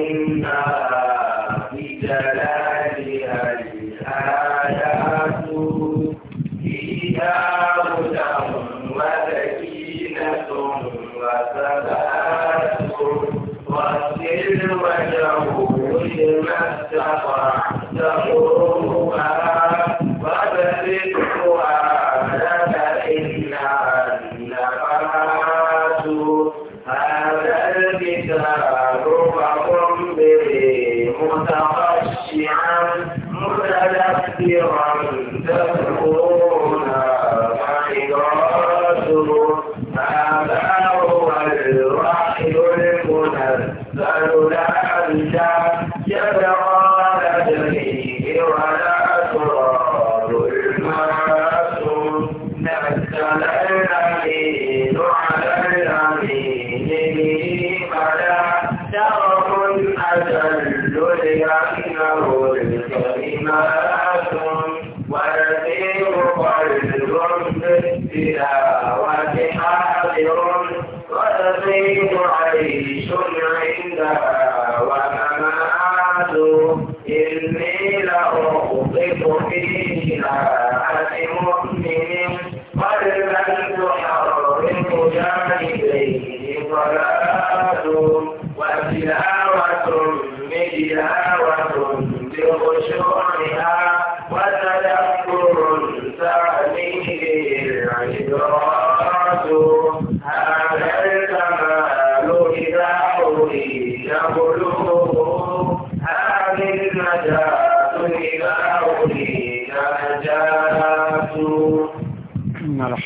إنا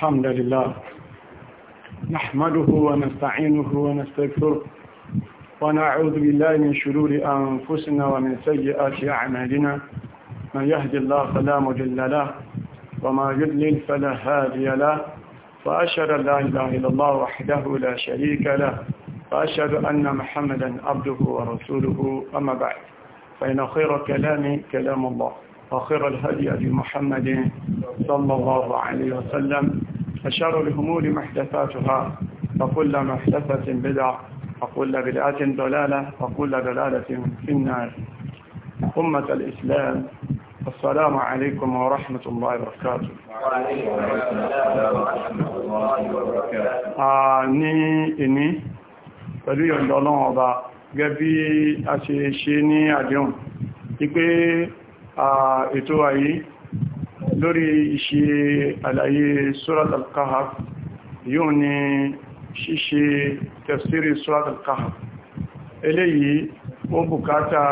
الحمد لله نحمده ونستعينه ونستغفره ونعوذ بالله من شرور أنفسنا ومن سيئات أعمالنا من يهدي الله فلا مضل له وما يضلل فلا هادي له وأشهد أن لا إله إلا الله وحده لا شريك له وأشهد أن محمدا عبده ورسوله أما بعد فإن خير كلام كلام الله وخير الهدي لمحمد صلى الله عليه وسلم وشر الأمور محدثاتها وكل محدثة بدع وكل بدعة ضلالة وكل دلالة في النار أمة الإسلام السلام عليكم ورحمة الله وبركاته وعليكم السلام ورحمة الله وبركاته آه، ní ìní pẹ̀lú a ṣe ṣe ní lórí iṣẹ́ àlàyé surat al-kahf yóò ní ṣíṣe tafsiri surat al-kahf eléyìí ó bùkátà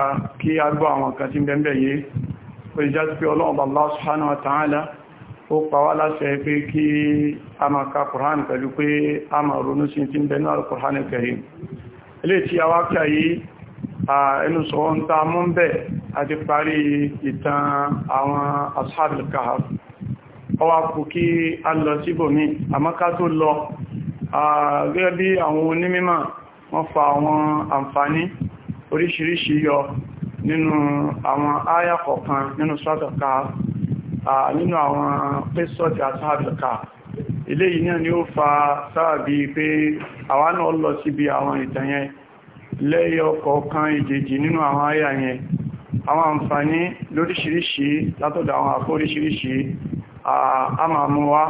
kí a gbọ́ àwọn kan tí bẹ̀m̀bẹ̀ yìí pé ìjá ti pé ọlọ́ọ̀bà Allah subhanahu wa ta'ala ó pàwà láṣẹ pé kí a máa ka Qur'an pẹ̀lú pé a máa ronú sí tí bẹ̀nú al-Qur'an àti parí ìtàn àwọn ashabul kahf ọwá kò kí a lọ síbòmí àmọ́ká tó lọ gẹ́gẹ́ bí àwọn onímímọ̀ wọ́n fa àwọn àǹfààní oríṣiríṣi yọ nínú àwọn áyà kọ̀ọ̀kan nínú suratul kahf nínú àwọn pẹ́sọ̀tì ashabul kahf ilé yìí náà ni ó fa sáàbí pé àwa náà lọ síbi àwọn nínú àwọn áyà yẹn àwọn àǹfààní lóríṣiríṣi látọ̀dọ̀ àwọn àpò oríṣiríṣi a máa mú wá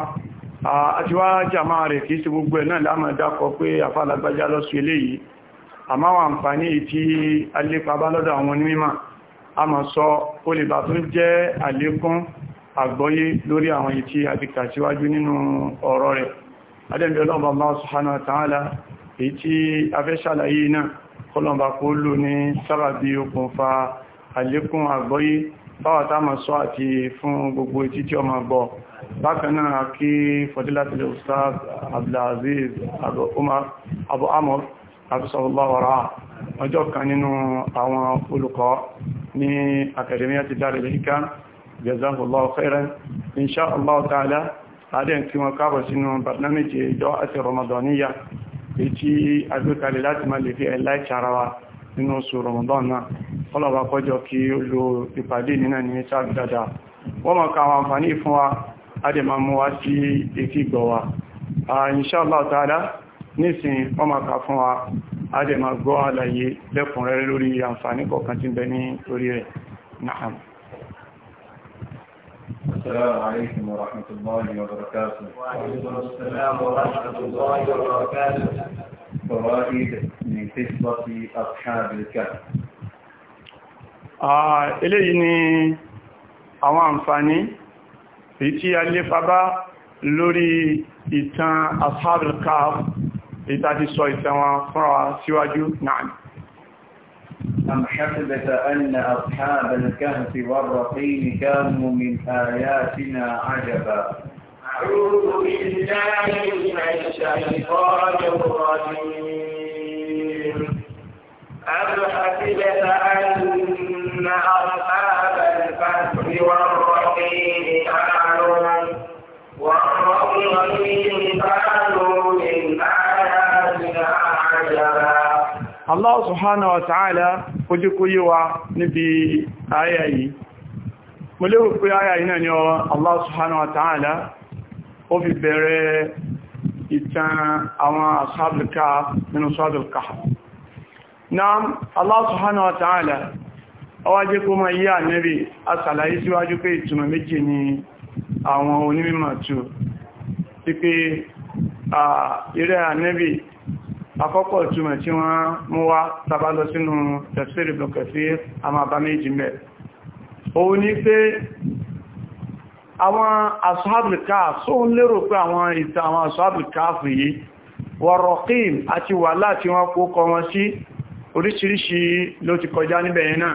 àti wá jàmá rẹ̀ kìí sí gbogbo ẹ̀ náà láàmà dákọ pé àfàlágbájá lọ́sù eléyìí àmá àwọn àǹfààní tí alépa bá lọ́dọ̀ àwọn onímọ̀ a máa sọ ó lè bà tó jẹ́ àlékún àgbọ́yé lórí àwọn èyí tí a náà kọlọ̀mbà kó lò ní sábàbí okùnfà àlékún àgbọ́yé báwàtá ma sọ àti fún gbogbo etí tí ọmọ gbọ́ bákanáà kí fọdílátìlẹ̀ ustaz abdulaziz abu amur abisawallawara ọjọ́ kan nínú àwọn olùkọ́ ní akademiya ti dáre lẹ́ríkà jazahullahu khairan insha Allah ta'ala adẹ́ tí wọ́n káàbọ̀ sínú barnamiji ìjọ àti ramadaniya èyí tí agbékalẹ̀ láti ma lè fi ẹ̀láì ṣarawa nínú oṣù ramadan kọlọ̀bà kọjọ kí ó lo ìpàdé nínà ní sáàbì dáadáa wọ́n mọ̀ ká àwọn àǹfààní fún wa adẹ̀mà mú wá sí etí gbọ̀ wa insha Allah ta'ala nísìn wọ́n mọ̀ ká fún wa adẹ̀mà gbọ́ àlàyé lẹ́kùnrẹ́rẹ́ lórí àǹfààní kọ̀ọ̀kan tí bẹ ní orí rẹ̀ السلام عليكم ورحمة الله وبركاته وعليكم فوائد من قصة أصحاب الكهف eléyìí ni àwọn àǹfààní èyí tí a lè fàbá lórí ìtàn ashabul kahf èyí sọ ìtàn wọn fúnra síwájú náà أم أن أصحاب الكهف والرقيم كانوا من آياتنا عجبا أعوذ بالله من الشيطان الرجيم أم أن إن أصحاب الفتح والرقيم كانوا والرقيم كانوا من آياتنا عجبا Allah subhanahu wa ta'ala ojú kó yí wa níbi ayá yìí. Mo lérò pé ayá yìí náà ni Allah subhanahu wa ta'ala ó fi bẹ̀rẹ̀ ìtàn àwọn ashabul nínú suratul kahf. Allah subhanahu wa ta'ala ọwájé kó máa yí ànẹ́bì asàlàyé síwájú pé ìtumọ̀ méjì ni àwọn onímọ̀ tù tí pé ìrẹ́ ànẹ́bì àkọ́kọ́ ìtumọ̀ tí wọ́n mú wá tàbá lọ sínú tẹ̀sírì bọ̀kẹ̀sí àmàbá méjì mẹ́ òun ni pé àwọn asọ́ábìlìká sóhun lérò pé àwọn ìta àwọn asọ́ábìlìká fìyí wọ̀rọ̀kìm àti wà láti wọn kó kọ wọn sí oríṣiríṣi ló ti kọjá níbẹ̀yẹn náà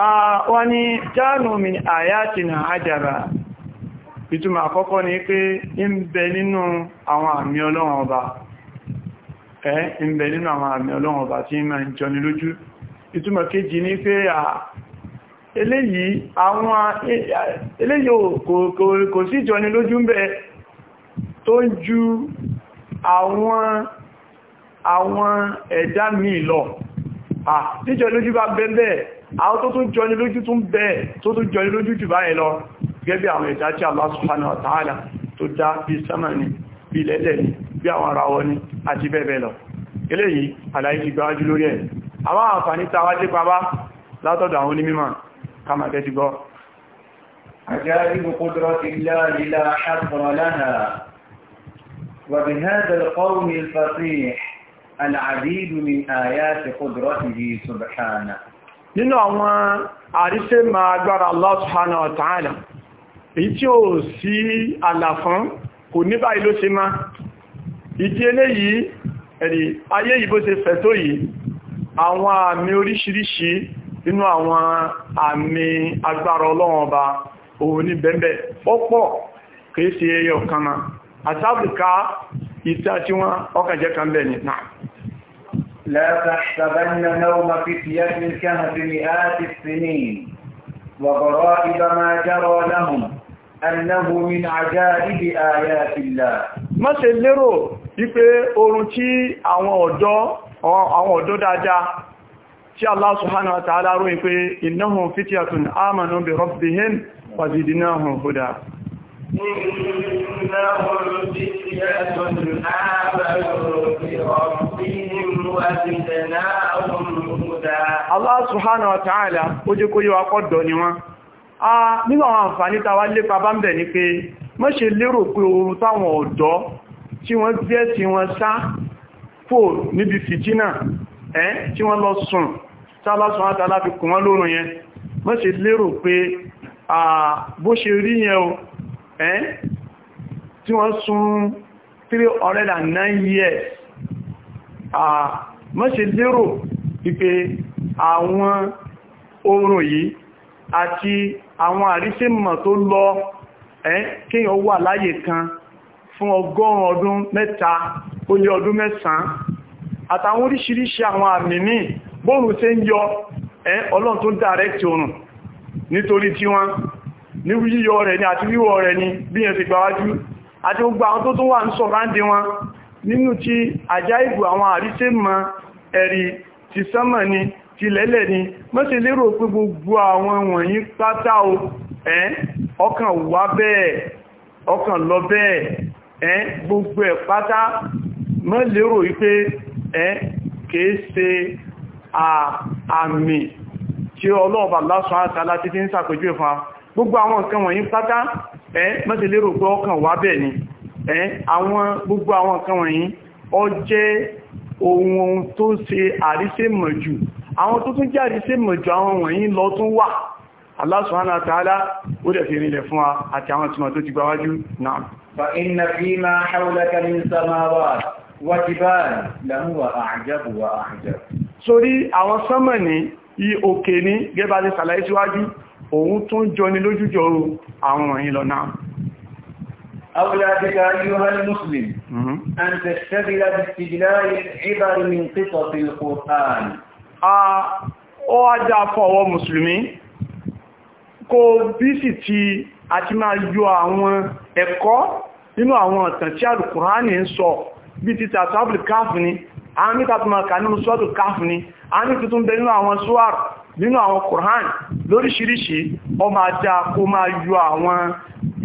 Ah, wọ́n ni jáànù min àyàtìnà àjàrà ìtumọ̀ àkọ́kọ́ ni pé nínú àwọn àmì ọlọ́run ọba ẹ́ nínú àwọn àmì ọlọ́run ọba tí ma ń jọni lójú ìtumọ̀ kejì ni pé eléyìí àwọn e, eléyìí kò sí jọni lójú ń bẹ tó ń àwọn ẹ̀dá mi lọ à àwọn tó tún jọni lójú tún bẹ́ẹ̀ tó tún jọni lójú jù báyìí lọ gẹ́gẹ́ bí àwọn ìdájí Allah subhanahu wa ta'ala tó dá bí sánmà ní bí lẹ́lẹ̀ ní bí àwọn ara wọn ní àti bẹ́ẹ̀ bẹ́ẹ̀ lọ eléyìí àlàyé ti gbáwájú lórí ẹ̀ àwọn àǹfààní tàwá tí pa bá látọ̀dọ̀ àwọn onímọ̀ kama العديد من آيات قدرته سبحانه nínú àwọn àríṣẹ́ ma agbára Allah subhanahu wa èyí tí ó sí àlàfán kò ní báyìí ló ṣe má ìdí eléyìí ẹ̀rì ayé yìí ṣe fẹ̀ tó yìí àwọn àmì oríṣiríṣi nínú àwọn àmì agbára ọlọ́wọ̀n ọba òun ní bẹ́ẹ̀bẹ́ ọ̀pọ̀ لا تحسبن نوم فتية كانت مئات السنين وغرائب ما جرى لهم أنه من عجائب آيات الله má ṣe lérò wípé oorun tí àwọn ọ̀dọ́ àwọn ọ̀dọ́ dáadáa tí Allah subhanahu wa ta'ala ròyìn pé innahum fityatun amanu bi rabbihim wa zidnahum huda innahum fityatun amanu bi rabbihim Allah subhanahu wa ta'ala ó jẹ́ kó yíò akọ́dọ̀ ni wọ́n. A nínú àwọn àǹfàní tàwà lépa bá ń bẹ̀ ní pé mọ́ ṣe lérò pé oorun táwọn ọ̀dọ́ tí wọ́n gbé tí wọ́n sá fò níbi fìtínà ẹ́ tí wọ́n lọ sùn tálásùn àtàlá fi kùn 309 years mọ́ṣe lérò wípé àwọn oorun yìí àti àwọn àríṣẹ́mọ̀ tó lọ kíyàn wà láyé kan fún ọgọ́rùn ọdún mẹ́ta ó lé ọdún mẹ́sàn àtàwọn oríṣiríṣi àwọn àmì ní bóòrùn tí ń yọ ọlọ́run tó dàrẹ́kì oòrùn nítorí tí wọ́n ní yíyọ rẹ̀ ni àti wíwọ̀ rẹ̀ ni bí yẹn ti gbáwájú àti gbogbo àwọn tó tún wà ń sọ̀rándì wọn nínú ti àjá ìgbò àwọn àríṣẹ́ mọ ẹ̀rí ti sánmà ni ti lẹ́lẹ̀ ni mọ́ sí lérò pé gbogbo àwọn wọ̀nyí pátá o ẹ́ ọkàn wà bẹ́ẹ̀ ọkàn lọ bẹ́ẹ̀ ẹ́ gbogbo ẹ̀ pátá mọ́ lérò wípé ẹ́ kìí ṣe àmì tí ọlọ́ọ̀bà lásán àtàlá títí ń sàpèjú ẹ̀fà gbogbo àwọn nǹkan wọ̀nyí pátá ẹ́ mọ́ sí lérò pé ọkàn wà bẹ́ẹ̀ ni àwọn gbogbo àwọn kan wọ̀nyí ó jẹ́ ohun tó ṣe àríṣẹ́mọ̀jù àwọn tó tún jẹ́ àríṣẹ́mọ̀jù àwọn wọ̀nyí lọ tún wà Allah subhanahu wa ta'ala ó dẹ̀ fi rinlẹ̀ fún wa àti àwọn túnmọ̀ tó ti gbáwájú náà. fa inna fima hawlaka min samawat wa jibal lahuwa a'jabu wa a'jab sórí àwọn sánmà ní òkè ní gẹ́bà ní sàlàyé síwájú òun tún jọ ní lójújọ àwọn wọ̀nyí lọ náà أولى بك أيها المسلم أن تشتغل باستجلال العبر من قصص القرآن ó wá dá fún ọwọ́ mùsùlùmí kó bí sì ti àti máa yọ àwọn ẹ̀kọ́ nínú àwọn ọ̀tàn tí alùkùránì ń sọ bí ti tàtàbùlù káàfù ni a ní tàtàmà kà nínú sọ́tù káàfù ni a ní tuntun bẹ nínú àwọn suwar nínú àwọn kùránì lóríṣiríṣi ó máa dá kó máa yọ àwọn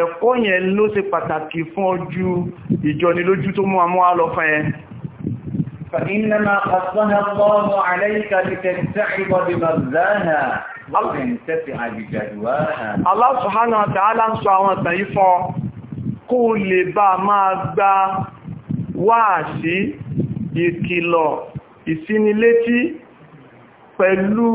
ẹ̀kọ́ yẹn ló ṣe pàtàkì fún ojú ìjọnilójú tó mú àmú àlọ́ fún ẹ فإنما قصها الله عليك لتستعب بمغزاها وتنتفع بجدواها الله سبحانه وتعالى ń sọ àwọn ìtàn yìí fún kó lè bá máa gba wáàsí ìkìlọ̀ ìsínilétí pẹ̀lú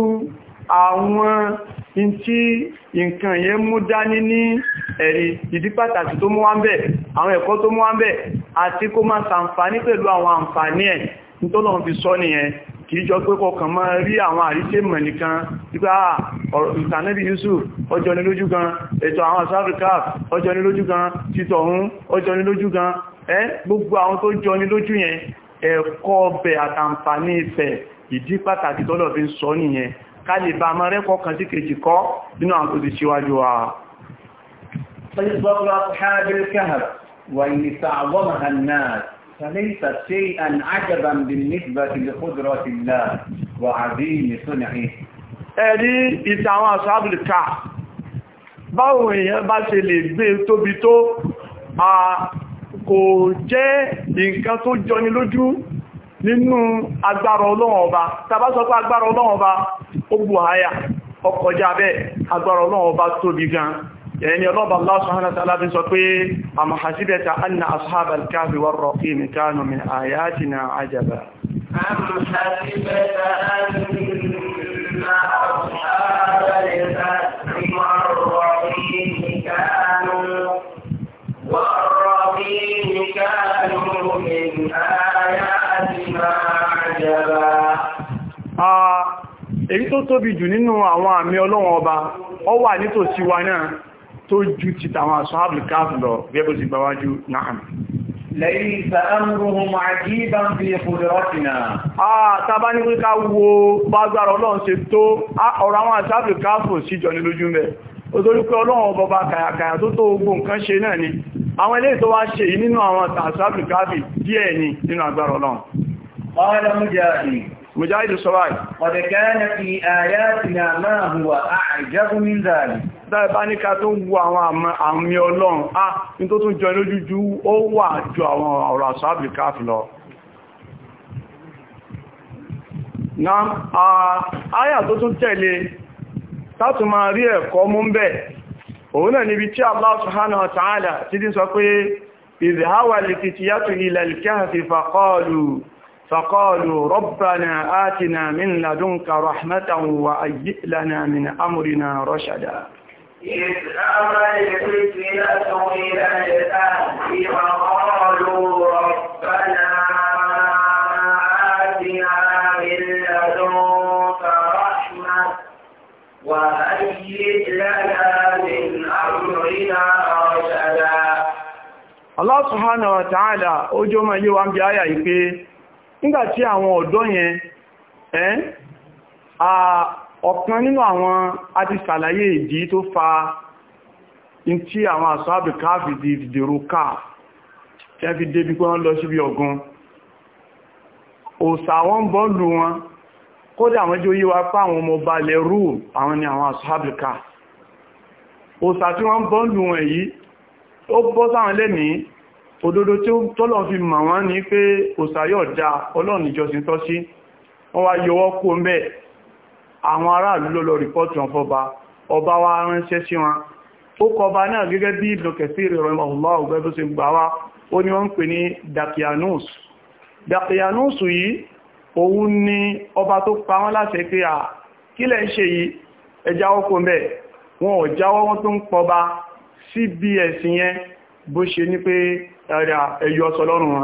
àwọn in tí nǹkan yẹn mú dání ní ẹ̀rí ìdí pàtàkì tó mú wá bẹ̀ àwọn ẹ̀kọ́ tó mú wá bẹ̀ àti kó máa pẹ̀lú àwọn ẹ̀ fi sọ nìyẹn kìí jọ pé kọkàn máa rí àwọn àríṣẹ́ mọ̀ nìkan ah, Yusuf ọjọ́ ni lójú gan ètò àwọn sáfíkà ọjọ́ ni lójú gan títọ̀ ohun ọjọ́ ni gan ẹ́ gbogbo àwọn tó jọ lójú yẹn ẹ̀kọ́ ọbẹ̀ ìfẹ̀ ìdí pàtàkì sọ nìyẹn ká lè bá mọ́ rẹ́kọ́ kan sí kejì kọ́ nínú àwọn tó ti ṣíwájú wa فليس شيئا عجبا بالنسبة لقدرة الله وعظيم صنعه ẹ̀rí ìtàwọn àṣàbìlìkà báwo èèyàn bá ṣe lè gbé e tóbi tó a kò jẹ́ nǹkan tó jọni lójú nínú agbára Ọlọ́run ọba tàbá sọ pé agbára Ọlọ́run ọba ó bù àyà ọkọjá bẹ́ẹ̀ agbára ọlọ́run bá tóbi gan ẹni ọlọ́bà Allah subhanahu wa ta'ala bí sọ pé am hasibta anna ashabal kahfi war-raqimi kanu min ayatina ajaba èyí tó tóbi jù nínú àwọn àmì ọlọ́wọ̀n ọba ọ wà nítòsí wa náà tó ju ti tàwọn àṣọ àbìkáàfù lọ gẹ́gbẹ́ sí gbáwájú náà ليس أمرهم عجيبا في قدرتنا آه tàbá ní ká wo bágbára Ọlọ́run ṣe tó ọ̀rọ̀ àwọn àṣàbì káàfò síjọ ní lójú mẹ́ ó torí pé Ọlọ́run bọba kàyàkàyà tó tó gbogbo nǹkan ṣe náà ni àwọn ilé to wá ṣe yìí nínú àwọn àṣàbì káàfì díẹ̀ ni nínú agbára Ọlọ́run mujahid sọ báyìí ọ̀dẹ̀ kẹ́rẹ́ fi àyà ti nà a hùwà àìjẹ́gún ní ìzàlì dáẹ̀bá ní ká tó olon wo àwọn àmì ọlọ́run á ní tó tún jọ lójújú ó wà ju àwọn ọ̀rọ̀ àṣábìká lọ na àyà tó tún ta tátù máa rí ẹ̀kọ́ mú bẹ̀ òun náà níbi tí Allah subhanahu wa ti dín sọ pé ìzìháwà lè fi ti yàtò فقالوا ربنا آتنا من لدنك رحمة وأجئ لنا من أمرنا رشدا إذ أمر الفتنة إلى الآن فقالوا ربنا آتنا من لدنك رحمة وأجئ لنا من أمرنا رشدا الله سبحانه وتعالى أجمع يوم جاية nígbàtí àwọn ọ̀dọ́ yẹn ẹ́ ọ̀kan nínú àwọn àti sàlàyé ìdí tó fa in tí àwọn àṣábì káàfì di ìdèrò káà tí a fi débi pé wọ́n lọ síbi ọ̀gan òsà wọ́n bọ́ọ̀lù wọn kódà àwọn ẹjọ́ yíwa pá àwọn ọmọ balẹ̀ rú àwọn ni àwọn àṣábì káà òsà tí wọ́n bọ́ọ̀lù wọn yìí ó bọ́ sáwọn lẹ́nìí òdodo tí ó tọ́lọ̀ fi mà wọ́n ní pé òsàyọ̀ dá ọlọ́run ìjọsìn tọ́ sí wọ́n wá yọwọ́ kó ń àwọn aráàlú ló rìpọ́tù wọn ọba wa ránṣẹ́ sí wọn ó kọba náà gẹ́gẹ́ bí Ibn Kathir rahimahullahu bó ṣe gbà wá ó ní wọ́n ń pè ní ni ọba ẹ̀yọ ọ̀sọ̀lọ́rùn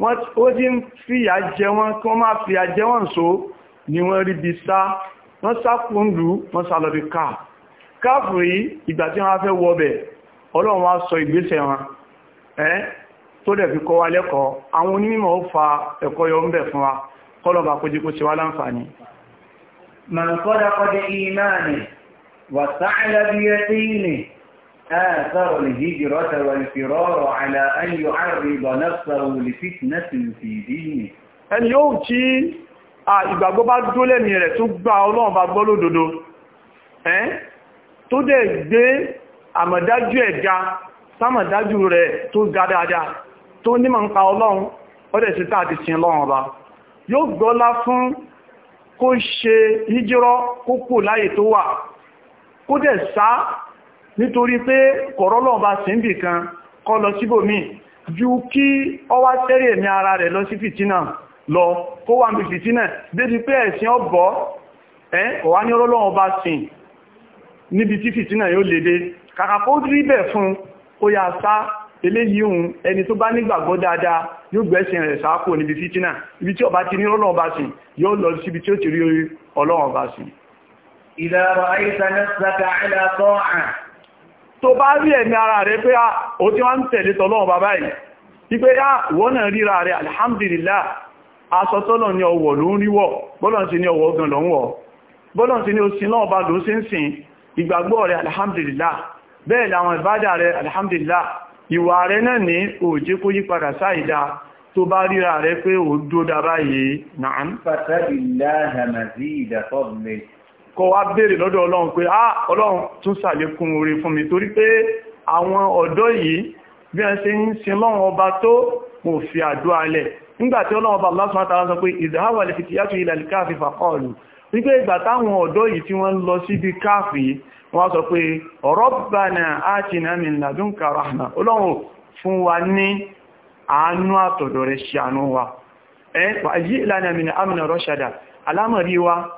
wọn ó tí ń fìyà jẹ wọn kí wọ́n máa jẹ wọn so ni wọ́n rí bí sá wọ́n sá fún lú wọ́n sá lọ káà káàfù yìí ìgbà tí wọ́n fẹ́ wọ́bẹ̀ ọlọ́run wá sọ wọn tó dẹ̀ fi wa fa آثر الهجرة والفرار على أن يعرض نفسه لفتنة في دينه ẹni yóò tí ìgbàgbọ́ bá dó mi rẹ̀ tó gba ọlọ́run bá gbọ́ lódodo ẹ́n tó dẹ̀ gbé àmọ̀dájú sámọ̀dájú rẹ̀ tó ga dáadáa tó nímọ̀ ń pa ọlọ́run ọdẹ̀ sí tàà ti sin lọ́run ọba yóò gbọ́lá fún kó ṣe wà nítorí pé kọ̀rọ̀lọ́ bá sí ń bì kan kọ́ lọ síbòmí ju kí ọ wá tẹ́rì ẹ̀mí ara rẹ̀ lọ sí fìtínà lọ kó wà ní fìtínà débi pé ẹ̀sìn ọ̀bọ̀ ẹ́ ọ̀wá ní ọlọ́wọ́ bá sìn níbi tí fìtínà yóò lédé kàkà kó rí bẹ̀ fún ó yà sá eléyìí ohun ẹni tó bá nígbàgbọ́ dáadáa yóò tó bá rí ẹ̀mí ara rẹ̀ pé a ah, ó tí wọ́n ń tẹ̀lé tọ́lọ́wọ́ bàbá yìí tí pé a ah, wọ́n náà ríra rẹ̀ alhamdulillah aṣọ tọ́lọ̀ ní ọwọ̀ ló ń ríwọ̀ bọ́lọ̀ sí ní ọwọ̀ gan lọ ń wọ̀ bọ́lọ̀ sí ní oṣin náà bá ló rẹ̀ alhamdulillah bẹ́ẹ̀ làwọn ìbádà rẹ̀ alhamdulillah ìwà rẹ̀ náà ní òjé kó kọ wá béèrè lọ́dọ̀ ọlọ́run pé ah ọlọ́run tún ṣàlékún oore fún mi torí pé àwọn ọ̀dọ́ yìí bí wọ́n ṣe ń sin lọ́run ọba tó mo fi àdó alẹ̀ nígbàtí ọlọ́run ọba lásán àtàrà sọ pé ìdáhàwà lè fi ti yàtò ilẹ̀ káàfi fàkọọ̀lù wípé ìgbà táwọn atina min ladunka rahma ọlọ́run fún wa ní wa ẹ́ wà yí ìlànà min amna rọ́ṣàdà alámọ̀rí wa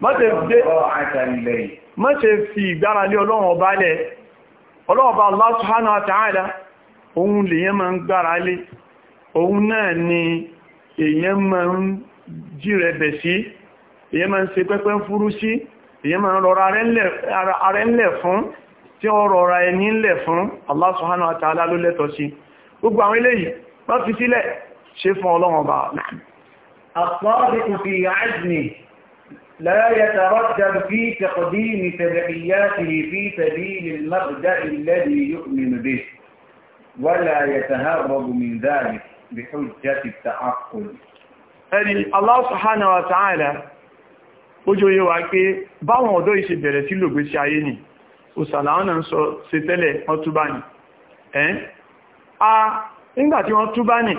má ṣe fi ìgbára lé ọlọ́run ọba lẹ̀ ọlọ́run ọba Allah subhanahu wa ta'ala òun lèyàn máa ń gbára lé òun náà ni èyàn máa ń jírẹ̀bẹ̀ sí èyàn máa ń ṣe pẹ́pẹ́ ń fúrú sí èyàn máa ń rọra arẹ́ ńlẹ̀ fún tí ó rọra ẹni ńlẹ̀ fún Allah subhanahu لا يتردد في تقديم تبعياته في سبيل المبدأ الذي يؤمن به ولا يتهرب من ذلك بحجة التعقل ẹni سبحانه وتعالى wa ta'ala ojú yíò wá pé báwọn ọ̀dọ́ ìṣe bẹ̀rẹ̀ sí lògbé sí ayé ni òsàláwọ́nà ń sọ ṣe tẹ́lẹ̀ wọ́n túbá ní ẹ́n a nígbàtí wọ́n túbá ní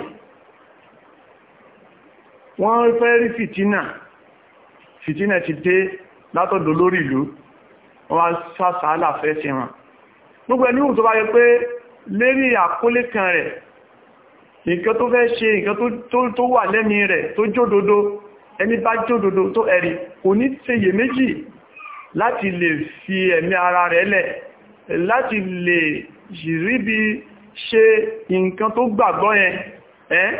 wọ́n fẹ́ rí fìtínà fìtínà ti dé látọ̀dọ̀ lórí ìlú wọ́n sásàálà fẹ́ sí wọn gbogbo ẹni tó bá yẹ pé lérí àkólé kan rẹ̀ nǹkan tó fẹ́ ṣe nǹkan tó wà lẹ́ni rẹ̀ tó jódodo ẹni bá jódodo tó ẹ̀rí kò ní tẹyẹ méjì láti lè fi ẹ̀mí ara rẹ̀ lẹ̀ láti lè rí bí ṣe nǹkan tó gbàgbọ́ yẹn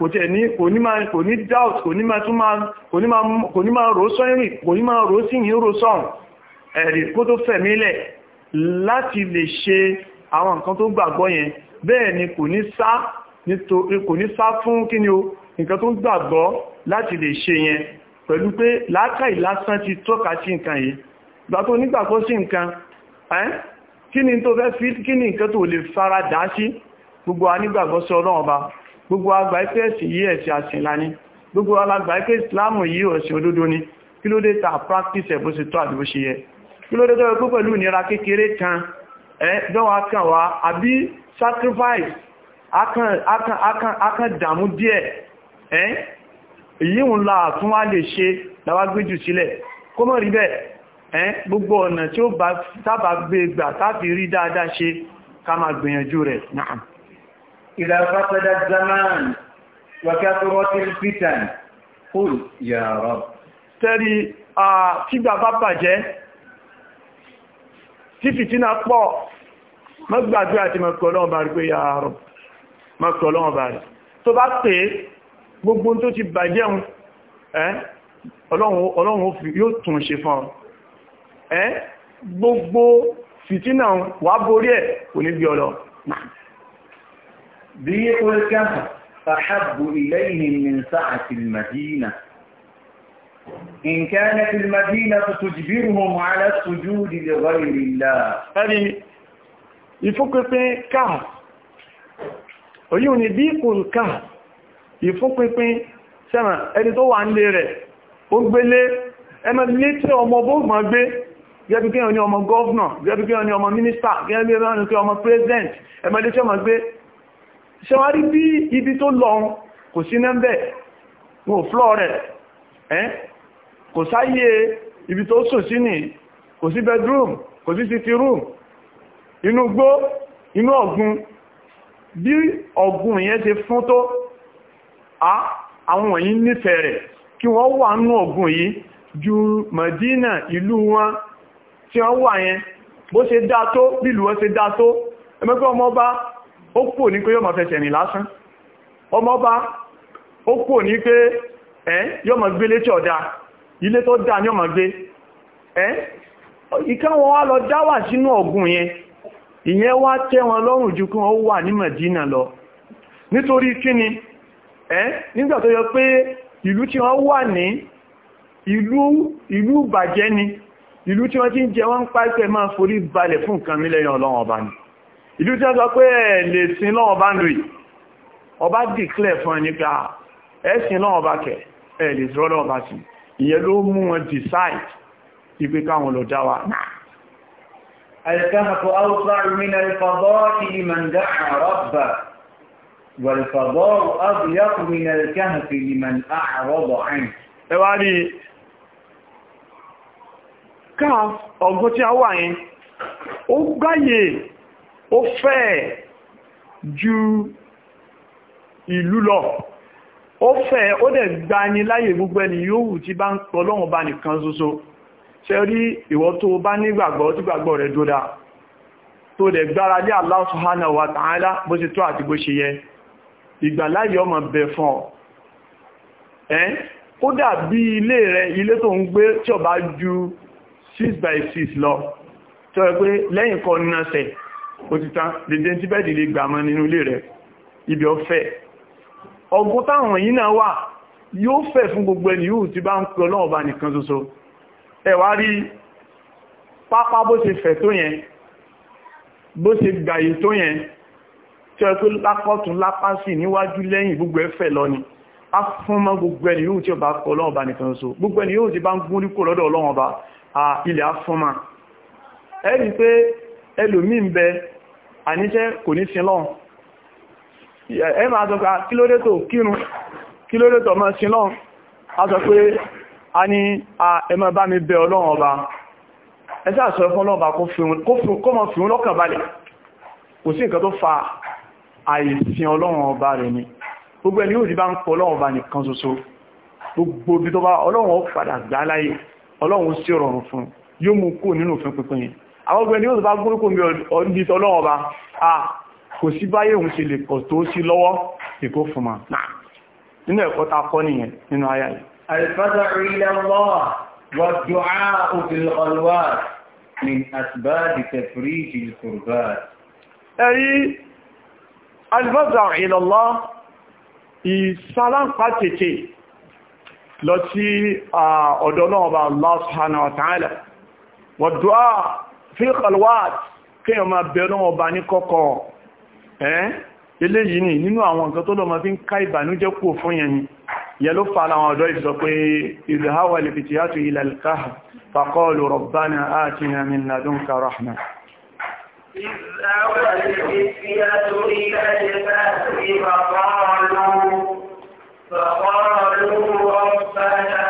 kò tẹ̀ ní kò ní máa kò ní doubt kò ní máa tún máa kò ní máa kò ní máa rò sọ́rìn kò ní máa rò sí yìí rò sọ́rùn ẹ̀rì kó tó fẹ̀mílẹ̀ láti lè ṣe àwọn nǹkan tó gbàgbọ́ yẹn bẹ́ẹ̀ ni kò ní sá nítorí kò ní sá fún kí ni o nǹkan tó gbàgbọ́ láti lè ṣe yẹn pẹ̀lú pé láákàì lásán ti tọ́ka sí nǹkan yìí gbà tó nígbàgbọ́ sí nǹkan kí ni tó fẹ́ fi kí ni nǹkan tó lè fara dá sí gbogbo anígbàgbọ́ sí ọlọ́run ọba gbogbo àgbà ẹ̀sìn ẹ̀sìn yìí ẹ̀sìn àṣìlá ni gbogbo alàgbà ẹ̀kẹ́ ìsìláàmù yìí ẹ̀sìn òdodo ni kí ló dé ta practice ẹ̀bó sí tó àdúgbò ṣe yẹ kí ló dé tó ẹkú pẹ̀lú ìnira kékeré kan ẹ̀dọ́wà kan wá àbí sacrifice akàn dàmú díẹ̀ èyí ń la àtún wá lè ṣe láwá gbéjù sílẹ̀ kó mọ̀ rí bẹ́ẹ̀ gbogbo ọ̀nà tí ó bá sábà gbé gbà táàfi rí dáadáa ṣe ká máa gbìyànjú rẹ̀ náà إذا فسد الزمان وكثرت الفتن قل يا رب tẹ́rí tígbà bá bàjẹ́ tí fìtínà pọ̀ mọ́gbàgbé àti mọ́kànlọ́wọ́ bá rí pé ya rọ̀ mọ́kànlọ́wọ́ bá rí tó bá pé gbogbo tó ti bàjẹ́ ọlọ́run yóò tún ṣe fún ọ gbogbo fìtínà wà borí ẹ̀ kò ní bí ọlọ́ بيقول الكهف أحب إليهم من سعة المدينة إن كانت المدينة تجبرهم على السجود لغير الله أبي يفكر كهف ويوني بيقول الكهف ìfúnpínpín sẹ́mà ẹni tó wà nílé rẹ̀ ó gbélé ẹmọ ilé tí ọmọ bóògbà gbé gẹ́bí kí wọ́n ní ọmọ gọ́ọ̀nà gẹ́bí kí wọ́n ní ọmọ mínísítà gẹ́bí ọmọ pírẹ́sẹ̀ntì ẹmọ tí ọmọ gbé ṣe wá rí bí ibi tó lọ kò sí nẹ́m̀bẹ̀ wọn ò flọ́ rẹ̀ ẹ́ kò sáyé ibi tó sùn sí ní kò sí bedroom kò sí city room inú gbó inú ọ̀gbun bí ọ̀gbun yẹn ṣe fún tó àwọn wọ̀nyí nífẹ̀ẹ́ rẹ̀ kí wọ́n wà nú ọ̀gbun yìí ju Madina ìlú wọn tí wọ́n wà yẹn bó ṣe dá tó bílù wọn ṣe dá tó ẹmẹ́gbẹ́ ọmọ bá ó pò ní pé yóò mọ̀ fẹsẹ̀ rìn lásán ọmọba ó pò ní pé ẹ́ yóò mọ̀ gbé létí ọ̀dá ilé tó dá ní ọmọ gbé ẹ́ ìkẹ́ wọn wá lọ dáwà sínú ọ̀gùn yẹn ìyẹn wá tẹ́ wọn lọ́rùn jù kí wà ní Mẹ̀dínà lọ nítorí kíni ẹ́ nígbà tó yọ pé ìlú tí wọ́n wà ní ìlú bàjẹ́ ni ìlú tí wọ́n ti ń jẹ wọ́n ń pàṣẹ máa forí balẹ̀ fún nǹkan mílẹ̀ ọlọ́run ọba ni ìlú tí wọ́n sọ pé ẹ̀ sin lọ́wọ́ bá ń ọba dìklẹ̀ fún ẹni ẹ̀sìn lọ́wọ́ bá kẹ̀ ẹ̀ lè sọ lọ́wọ́ sí ìyẹn ló mú wọn decide ìpé káwọn lọ dáwà من الفضاء لمن أضيق من الكهف لمن أعرض عنه ẹwàrí káàf ọgbọ́n tí a wà yẹn ó gbáyé ó fẹ̀ ju ìlú lọ ó fẹ̀ ó dẹ̀ gbani láyè gbogbo ẹni yóò tí bá ń pọ̀ lọ́wọ́ bá nìkan ṣoṣo ṣe rí ìwọ tó bá nígbàgbọ́ tí gbàgbọ́ rẹ̀ dódá tó dẹ̀ gbára lé Allah subhanahu wa ta'ala bó ṣe tó àti bó ṣe yẹ ìgbàláyè ọmọ bẹ̀ 6 by 6 lọ tó ẹ lẹ́yìn kan nínú ẹsẹ̀ ó ti tán dédé tí bẹ́ẹ̀dì lè gbàmọ́ nínú ilé rẹ̀ ibi ọ̀fẹ́ ọgbọ́n táwọn yìí náà wà yóò fẹ́ fún gbogbo ẹni yóò ti bá ń pẹ ọlọ́ọ̀bá nìkan ṣoṣo ẹ wá rí pápá bó ṣe fẹ̀ tó yẹn bó ṣe gbàyè tó yẹn tí ọ tó lápọ̀tún lápásì níwájú lẹ́yìn gbogbo ẹfẹ́ lọ ni a fún mọ́ gbogbo ẹni yóò tí ó bá pẹ ọlọ́ọ̀bá nìkan ṣoṣo gbogbo ẹni yóò ti bá ń gún rí kò lọ́dọ̀ ọlọ́ọ̀bá ilẹ̀ afúnmá ẹlòmí ń bẹ àníṣẹ́ kò ní sin lọ́n ẹ máa sọ pé ah, kílódétò kírun kílódétò máa sin lọ́n a sọ pé a ní ẹmọ bá mi bẹ ọlọ́run ọba ẹ sáà sọ fún ọlọ́run ọba kó mọ̀ fìún lọ́kàn balẹ̀ kò sí nǹkan tó fa àìsìn ọlọ́run ọba rẹ̀ ni gbogbo ẹni yóò di bá ń pọ̀ ọlọ́run ọba nìkan ṣoṣo gbogbo ibi tó bá ọlọ́run ó padà gbá láyé ọlọ́run ó sí ọ̀rọ̀ fún yóò mú kó nínú òfin pínpín yẹn àwọn ọgbẹ̀ni yóò bá gúrùkù mi ọdí tọ́lọ́wọ́ bá a kò sí báyé òun ṣe lè pọ̀ tó sí lọ́wọ́ ìkó fún ma nínú ẹ̀kọ́ ta kọ́ nìyẹn nínú ayá yìí al-fad'u ila tètè lọ sí ọ̀dọ̀ náà bá Allah subhanahu wa fi kọlwàt kí yọ máa bẹ̀rọ ọba ní kọ́kọ́ ẹ́n eléyìí ni nínú àwọn nǹkan tó lọ́mọ fi ń ká ìbànújẹ́ kú fún yẹn yẹ ló fa àwọn ọ̀dọ́ ìsọ pé ìdáhàwà إلى الكهف فقالوا فقالوا ربنا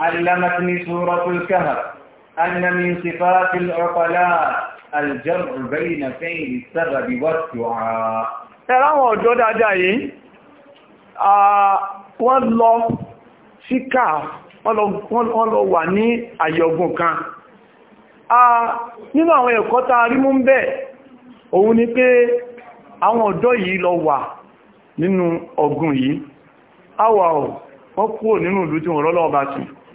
علمتني سورة الكهف أن من صفات العقلاء الجمع بين فعل السبب والدعاء ẹ̀rọ àwọn ọ̀dọ́ dáadáa yìí wọ́n lọ síkà wọ́n lọ wà ní àyọ̀gùn kan nínú àwọn ẹ̀kọ́ tá a rí mú ń bẹ̀ òun ni pé àwọn ọ̀dọ́ yìí lọ wà nínú ọ̀gùn yìí awà ọ̀ wọ́n kúrò nínú ìlú tí wọ́n rọ́lọ́ ọba tìí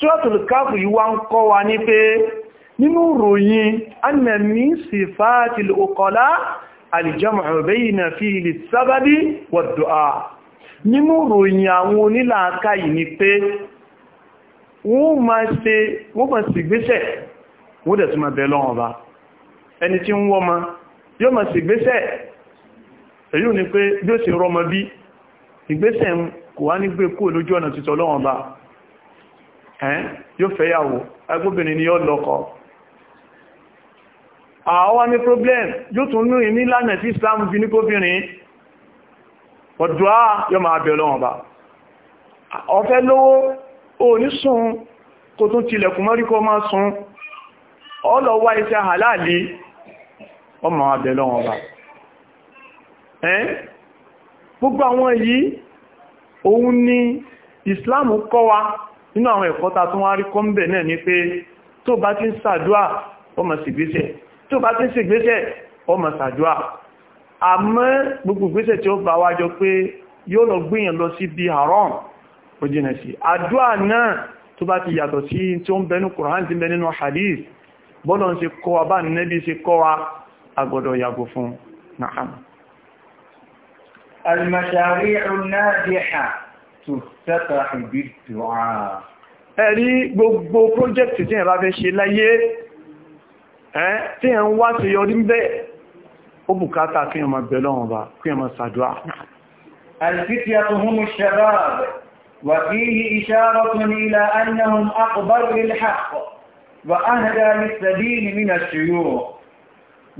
suratul káfù yìí wá ń kọ́ wa ní pé nínú ròyìn annàmí sifatil uqala al-jam'u fi'li sábàbí wa du'a nínú ròyìn àwọn onílàáká yìí ni pé wọ́n ma sì gbéṣẹ̀ wọ́n dẹ̀ tún ma bẹ̀ lọ́wọ́ bá ẹni tí ń wọ́ ma yóò ma sì gbéṣẹ̀ èyí ni pé bí ó sì rọmọ bí ìgbésẹ̀ kò wá ní gbé kó lójú ọ̀nà títọ́ lọ́wọ́ bá ẹ́n yóò fẹ́yàwó agbóbìnrin ni yóò lọ́kọ àwọn ní problem yóò tún ní ní lánà tí Islam fi ní kóbìnrin ọ̀dọ́á yóò máa bẹ̀ lọ́wọ́n bá ọ̀fẹ́ lówó o ní sùn kò tún tilẹ̀kùn mọ́rí kó máa sùn ọlọ wá iṣẹ́ àláàlì ọmọ abẹ̀ lọ́wọ́n bá ẹ́n gbogbo àwọn yìí òun ni Islam kọ́ wa nínú àwọn ẹ̀kọ́ ta tún wá rí kọ́m̀bẹ̀ náà ni pé tó bá ti ń sàdúà ọmọ sìgbésẹ̀ tó bá ti ń sìgbésẹ̀ ọmọ sàdúà àmọ́ gbogbo gbésẹ̀ tí ó bá wájọ pé yóò lọ gbìyàn lọ sí bí haram ó sí àdúà náà tó bá ti yàtọ̀ sí tí ó ń bẹnu Kùránì ti bẹ nínú hadith bọ́lọ̀ ń ṣe kọ́ wa nẹ́bí ṣe kọ́ wa agbọ́dọ̀ yàgò fún náà المشاريع النادحة tòtẹ́ta ìbí dùá. ẹ̀rí gbogbo pọ́jẹ́kì tí ẹ̀bá fẹ́ ṣe láyé tí ẹ̀ ń wá ti yọrí bẹ́ẹ̀ ó bùkátà kí ẹmọ bẹ̀lọ́wọ̀n bá kí ẹmọ sàdúwà. الفتية هم الشباب وفيه إشارة إلى أنهم أقبل للحق وأهدى للسبيل من الشيوخ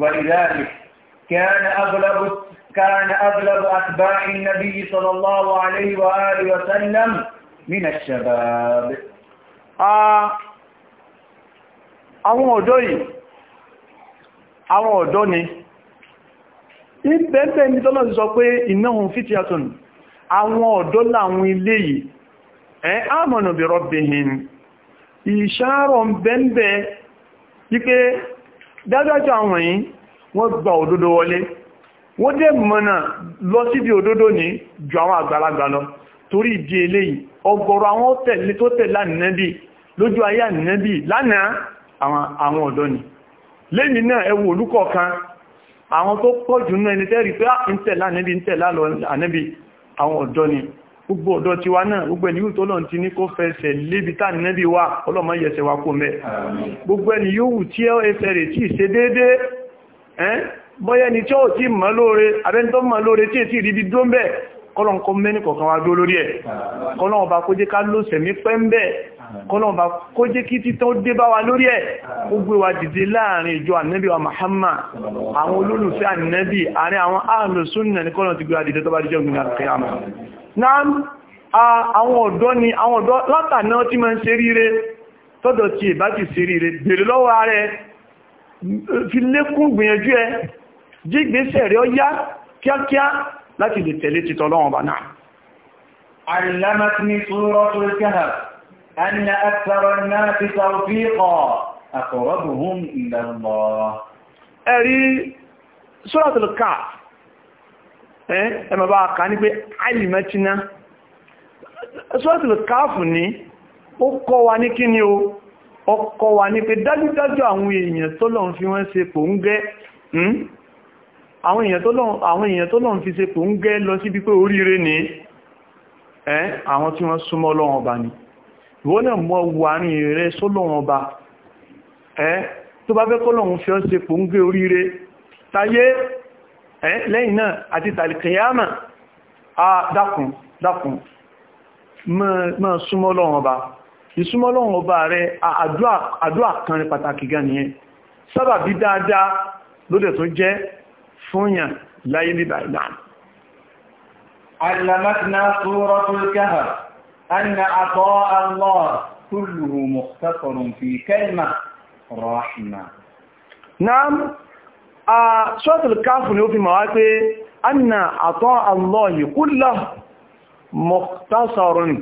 ولذلك كان أغلب كان أغلب أتباع النبي صلى الله عليه وآله وسلم من الشباب àwọn ọ̀dọ́ yìí àwọn ọ̀dọ́ ni ìbẹ̀ẹ̀bẹ̀ ní tọ́lọ̀ sọ pé innahum fityatun àwọn ọ̀dọ́ láwọn ilé yìí ẹ amanu bi rabbihim ìṣàrọ̀ bẹ̀ẹ̀bẹ̀ wípé dájájọ́ àwọn yìí wọ́n gba òdodo wọlé wọ́n dẹ̀ mọ̀nà lọ síbi òdodo ní ju àwọn àgbàlagbà lọ torí ìdí eléyìí ọ̀gọ̀rọ̀ àwọn tẹ̀lé tó tẹ̀lé ànìyànbí lójú ayé ànìyànbí lánàá àwọn ọ̀dọ́ ni lẹ́yìn náà ẹwọ olùkọ̀ kan àwọn tó pọ̀ jù náà ẹni tẹ́rì pé ah, ń tẹ̀lé ànìyànbí ń tẹ̀lé ni gbogbo ọ̀dọ́ ti wa náà gbogbo ẹni yóò tó lọ́n ti ní kó fẹsẹ̀ bọ́yẹ́ ni tí ó ti mọ́ lóore abẹ́ni tó mọ́ lóore tí èsì ìrìbí dó ń bẹ̀ kọ́lọ̀n kó mẹ́ni kọ̀kan wá dó lórí ẹ̀ kọ́lọ̀n ọba kó jẹ́ ká ló sẹ̀mí pẹ́ ń bẹ̀ kọ́lọ̀n ọba kó jẹ́ kí títọ́ dé bá wa lórí ẹ̀ ó gbé wa dìde láàrin ìjọ ànẹ́bí wa Muhammad àwọn olólùfẹ́ ànẹ́bí àárín àwọn ààrùn súnnà ní kọ́lọ̀n ti gbé wa dìde tó bá dìjọ́ gbìyànjú kẹyàmù àwọn ọ̀dọ́ ni àwọn ọ̀dọ́ látàná tí ma ń ṣe ríire tọ́dọ̀ tí ìbá ti ṣe ríire bèèrè lọ́wọ́ ààrẹ fi lékún gbìyànjú ẹ jí ìgbésẹ̀ rẹ̀ ó yá kíákíá láti lè tẹ̀lé títọ́ lọ́wọ́n bá náà علمتني سورة الكهف أن أكثر ní pé káàfù ní ó kọ́ wa ní kí ni o ó kọ́ wa ní pé dájúdájú àwọn èèyàn tó lọ́n fi wọ́n ṣe pò ń gẹ́ hmm? àwọn èèyàn tó lọ́n fi ṣe kò ń gẹ́ lọ sí bí pé oríire ní ẹ́ àwọn tí wọ́n súnmọ́ lọ́wọ́n ọba ni ìwọ́n náà mọ́ wàárín rẹ̀ sólọ́wọ́n ọba ẹ́ tó bá fẹ́ kọ́lọ̀un fi ọ́ ṣe kò ń gẹ́ oríire tayé ẹ́ lẹ́yìn náà àti tàlìkìyàmà a dákun dákun mọ́ súnmọ́ lọ́wọ́n ọba ìsúnmọ́ lọ́wọ́n ọba rẹ̀ fúnyàn láyé ní bàìlán. Àlàmátná Suratul Kahf, Anna àtọ́ Allah kulluhu mukhtasarun fi kalma rahima. Naam, a Suratul Kahf ni ó fi máa pé, Anna àtọ́ Allah kulluhu mukhtasarun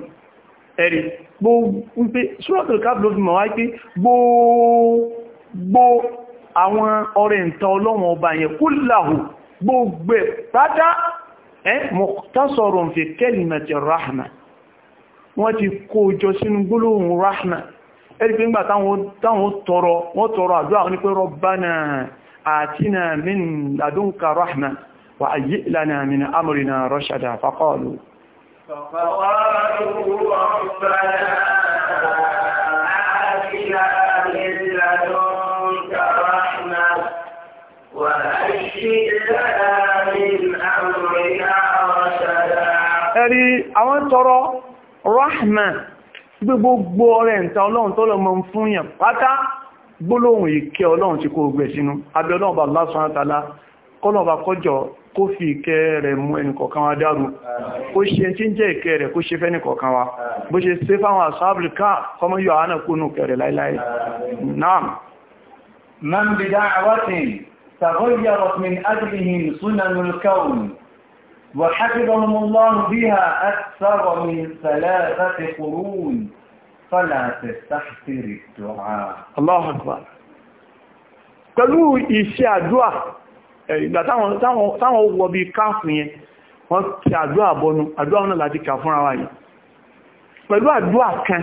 ẹ̀rì gbogbo Suratul gbogbo àwọn ọrẹ ìta ọlọ́run ọba yẹn kullahu gbogbo pátá mukhtasarun fi kalimati rahma wọ́n ti kó jọ sínú gbólóhùn rahma ẹ̀rí pé ńgbà táwọn tọrọ wọ́n tọrọ àdúrà wọn ni pé rabbana atina min ladunka rahma wa ayyi lana min amrina rashada faqalu فقالوا ربنا آتنا Ẹ̀rí àwọn tọrọ Rahman gbé gbogbo ọrẹ ǹta ọlọ́run tó lọ mọ́ fún yàn pátá gbólóhùn ìkẹ́ ọlọ́run ti kó gbẹ̀ sínú. Abẹ́ ọlọ́run bá lásán àtàlá, kọ́lọ̀bà kọjọ kó fi ìkẹ́ rẹ̀ mú ẹnìkọ̀ọ̀kan wa dárú ó ṣe tí ń jẹ́ ìkẹ́ rẹ̀ kó ṣe fẹ́nìkọ̀ọ̀kan wa bó ṣe sí fáwọn àṣábìlì káà kọmọ yóò hánà kúnnù kẹrẹ̀ láíláí náà من بدعوة تغيرت من أجلهم سنن الكون وحفظهم الله بها أكثر من ثلاثة قرون فلا تستحسر الدعاء الله أكبر pẹ̀lú iṣẹ́ àdúà ìgbà táwọn owó bí káàfù yẹn wọ́n ti àdúà bọnu àdúà náà láti kà fúnra wa yìí pẹ̀lú àdúà kan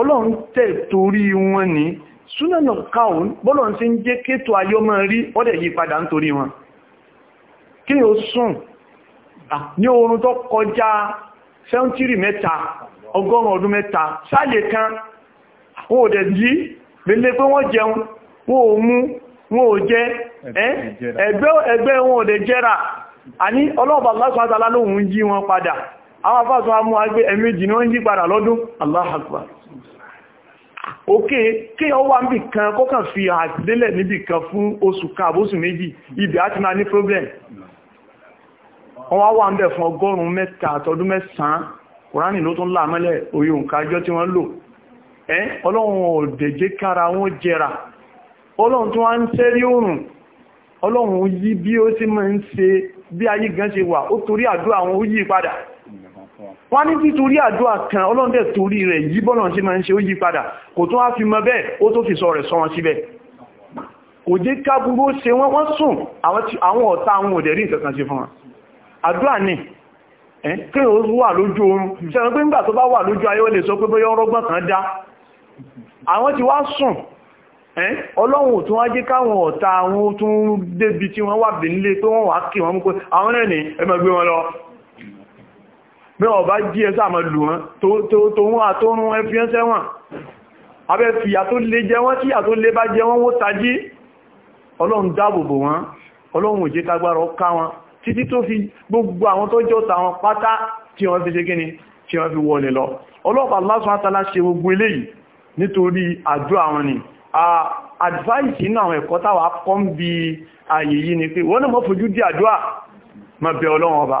ọlọ́run tẹ̀ torí wọn ní súnànà káwọn bọ́lọ̀ tí ń jẹ́ kétò ayọ́mọ́ rí ọdẹ̀ yí padà nítorí wọn kí ni sùn ní oorun tó kọjá sẹ́ńtírì mẹ́ta ọgọ́rùn ọdún mẹ́ta sáàlè kan wọ́n ò dẹ̀ yí pé wọ́n jẹun wọ́n ò mú ẹgbẹ́ wọn ò dẹ̀ jẹ́ra àní ọlọ́ọ̀bà lásán padà òkè kí ọ wá níbì kan kọ́kàn fi àdélẹ̀ níbì kan fún oṣù kan àbóṣù méjì ibẹ̀ á ti máa ní problem wọ́n wá wà ń bẹ̀ fún ọgọ́rùn-ún mẹ́ta àtọdún mẹ́sàn-án kùránì ló tún láàmọ́lẹ̀ orí òǹkájọ́ tí wọ́n lò ẹ́ ọlọ́run òdèjé kára wọn jẹrà ọlọ́run tó wá ń tẹ́rí òrùn ọlọ́run yí bí ó ti máa ń ṣe bí ayé gan ṣe wà wọ́n ní títorí àdúrà kan ọlọ́ndẹ̀ torí rẹ̀ yí bọ́lọ̀ sí máa ń ṣe ó yí padà kò tó á fi mọ bẹ́ẹ̀ ó tó fi sọ rẹ̀ sọ wọn síbẹ̀ kò jẹ́ kábúrú ṣe wọ́n wọ́n sùn àwọn ọ̀tá àwọn òdẹ̀rí ìkankan sí fún wọn àdúrà ní kí o wà lójú oorun ṣẹ́rọ pé ńgbà tó bá wà lójú bí wọ́n bá jí ẹsà mọ̀ lù wọn tó wọ́n àtórún ẹfíẹ́sẹ́ wọn abẹ́ fìyà tó lè jẹ wọ́n tí àtó lè bá jẹ wọ́n wó tají ọlọ́run dáàbòbò wọn ọlọ́run òjé tagbára ọká wọn títí tó fi gbogbo àwọn tó jọta wọn pátá tí wọ́n fi ṣe kíni tí wọ́n fi wọlé lọ ọlọ́pàá lásán átàlá ṣe gbogbo eléyìí nítorí àdúrà wọn ni advice inú àwọn ẹ̀kọ́ táwà kọ́ ń bi ààyè yìí ni pé wọ́n náà mọ́ fojú dí àdúrà mọ́ bẹ ọlọ́run ọba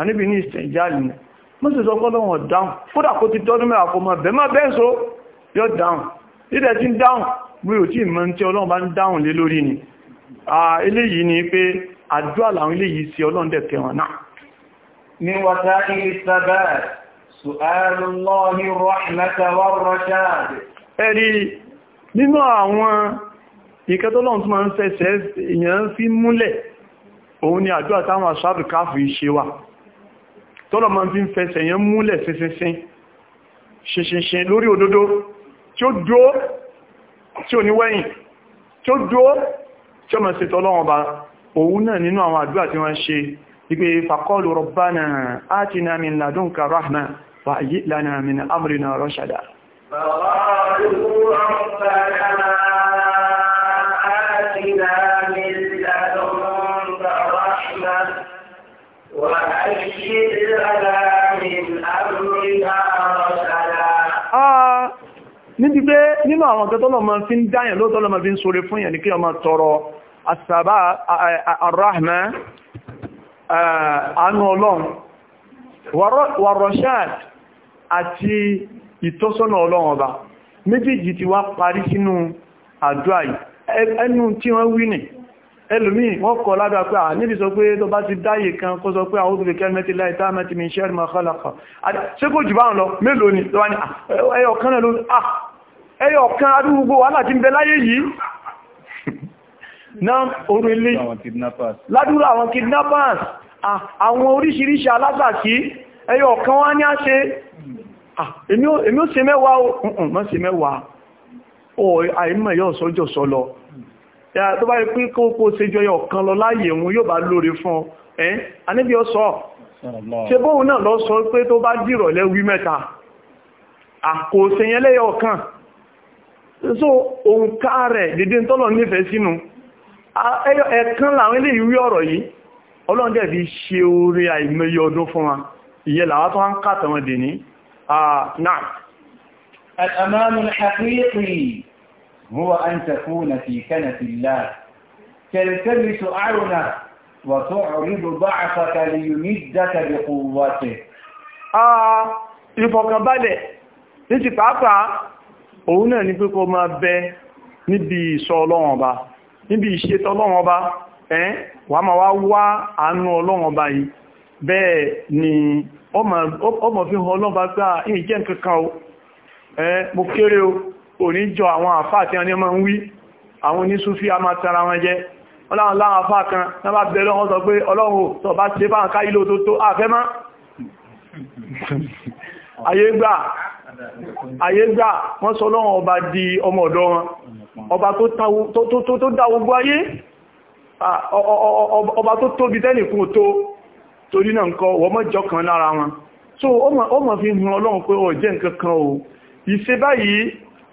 àníbi ní ìsìnjáàlì ni mo sì sọ pọ́lọ́wọ̀n dáhùn fúdà kó ti tọ́dún mẹ́wàá kó mọ́ bẹ̀ mọ́ bẹ́ẹ̀ so yọ dáhùn ìdẹ̀ tí ń dáhùn bí ò tí mọ́ tí ọlọ́run bá ń dáhùn lé lórí ni eléyìí ni pé àdúrà làwọn eléyìí sí ọlọ́run dẹ̀ tẹ̀wọ̀n wa rashad ẹ̀rí nínú àwọn ìkẹtọ́lọ́run tó máa ń fẹsẹ̀ èèyàn fi múlẹ̀ òun ni àdúrà táwọn aṣáàbù káàfù ìṣe wa tọ́lọ̀ máa fi ń fẹsẹ̀ yẹn múlẹ̀ ṣinṣinṣin ṣinṣinṣin lórí òdodo tí ó dúó tí ò ní wẹ́yìn tí ó dúó tí ó máa ṣe tọ́lọ́wọ́n ba òun náà nínú àwọn àdúrà tí wọ́n ṣe wípé min ladunka rahma wa min amrina rọ́ṣàdá Fàkọlù rọ̀bánà níbi pé nínú àwọn ọ̀tọ́ tọ́lọ̀ máa fi ń dáyàn lóòtọ́ lọ́mọ fi ń sóre fún yàn ní kí ọmọ tọrọ àsàbà àráhmẹ́ àánú ọlọ́run wàrọ̀ṣáàd àti ìtọ́sọ́nà ọlọ́run ọba méjèèjì ti wá parí sínú àdúrà ẹnu tí wọ́n wí nìí ẹlùmí wọ́n kọ̀ ládà pé à níbi sọ pé tó bá ti dáyé kan kó sọ pé àwọn òbí kẹ́lmẹ́tì láìta mẹ́tì mi ṣẹ́rì máa kọ́lákọ̀ ṣe kò jù bá ń lọ mélòó ni tó wá ní ẹyọkan náà ló ẹyọkan adúgbò wà láti ń bẹ láyé yìí náà orú ilé ládúrà àwọn kidnappers àwọn oríṣiríṣi alásàkí ẹyọkan wá ní á ṣe èmi ó ṣe mẹ́wàá ó tó bá rí pín kó kó ṣe ọ̀kan lọ láyé òun yóò bá fún ẹ́ ọ sọ ṣe bóhun náà lọ sọ pé tó bá dìrọ̀ lẹ́wí mẹ́ta àkó yẹn lẹ́yọ ọ̀kan so òun ká rẹ̀ dédé tọ́lọ̀ sínú ẹ̀kan ilé ọ̀rọ̀ yìí tó هو أن تكون في ka الله تلتبس أعينك وتعرض ضعفك ليمدك بقوته آه ìfọ̀kànbalẹ̀ ní ti pàápàá òun náà ní pé kó máa bẹ níbi ìṣọ́ ọlọ́run ọba níbi ìṣètò ọlọ́run ọba ẹ́n wà máa wá wá àánú ọlọ́run ọba yìí bẹ́ẹ̀ fi hàn ọlọ́run ọba pé à ń jẹ́ nǹkan kan o ẹ́ mo kere o kò ní jọ àwọn àfá àti wọn ni ọmọ ń wí àwọn onísúfí a máa tara wọn jẹ ọlọ́run láwọn àfá kan náà bá bẹ̀rẹ̀ ọkọ̀ sọ pé ọlọ́run tó bá ṣe bá ń ká ilé tó tó àfẹ́ mọ́ ayégbà ayégbà wọ́n sọ ọlọ́run ọba di ọmọ ọ̀dọ́ wọn ọba tó dá gbogbo ayé ọba tó tóbi tẹ́nìkún tó torí náà nǹkan wọ́n mọ́ jọ kan lára wọn so ọmọ fi hun ọlọ́run pé ó jẹ́ nǹkan kan o ìṣe báyìí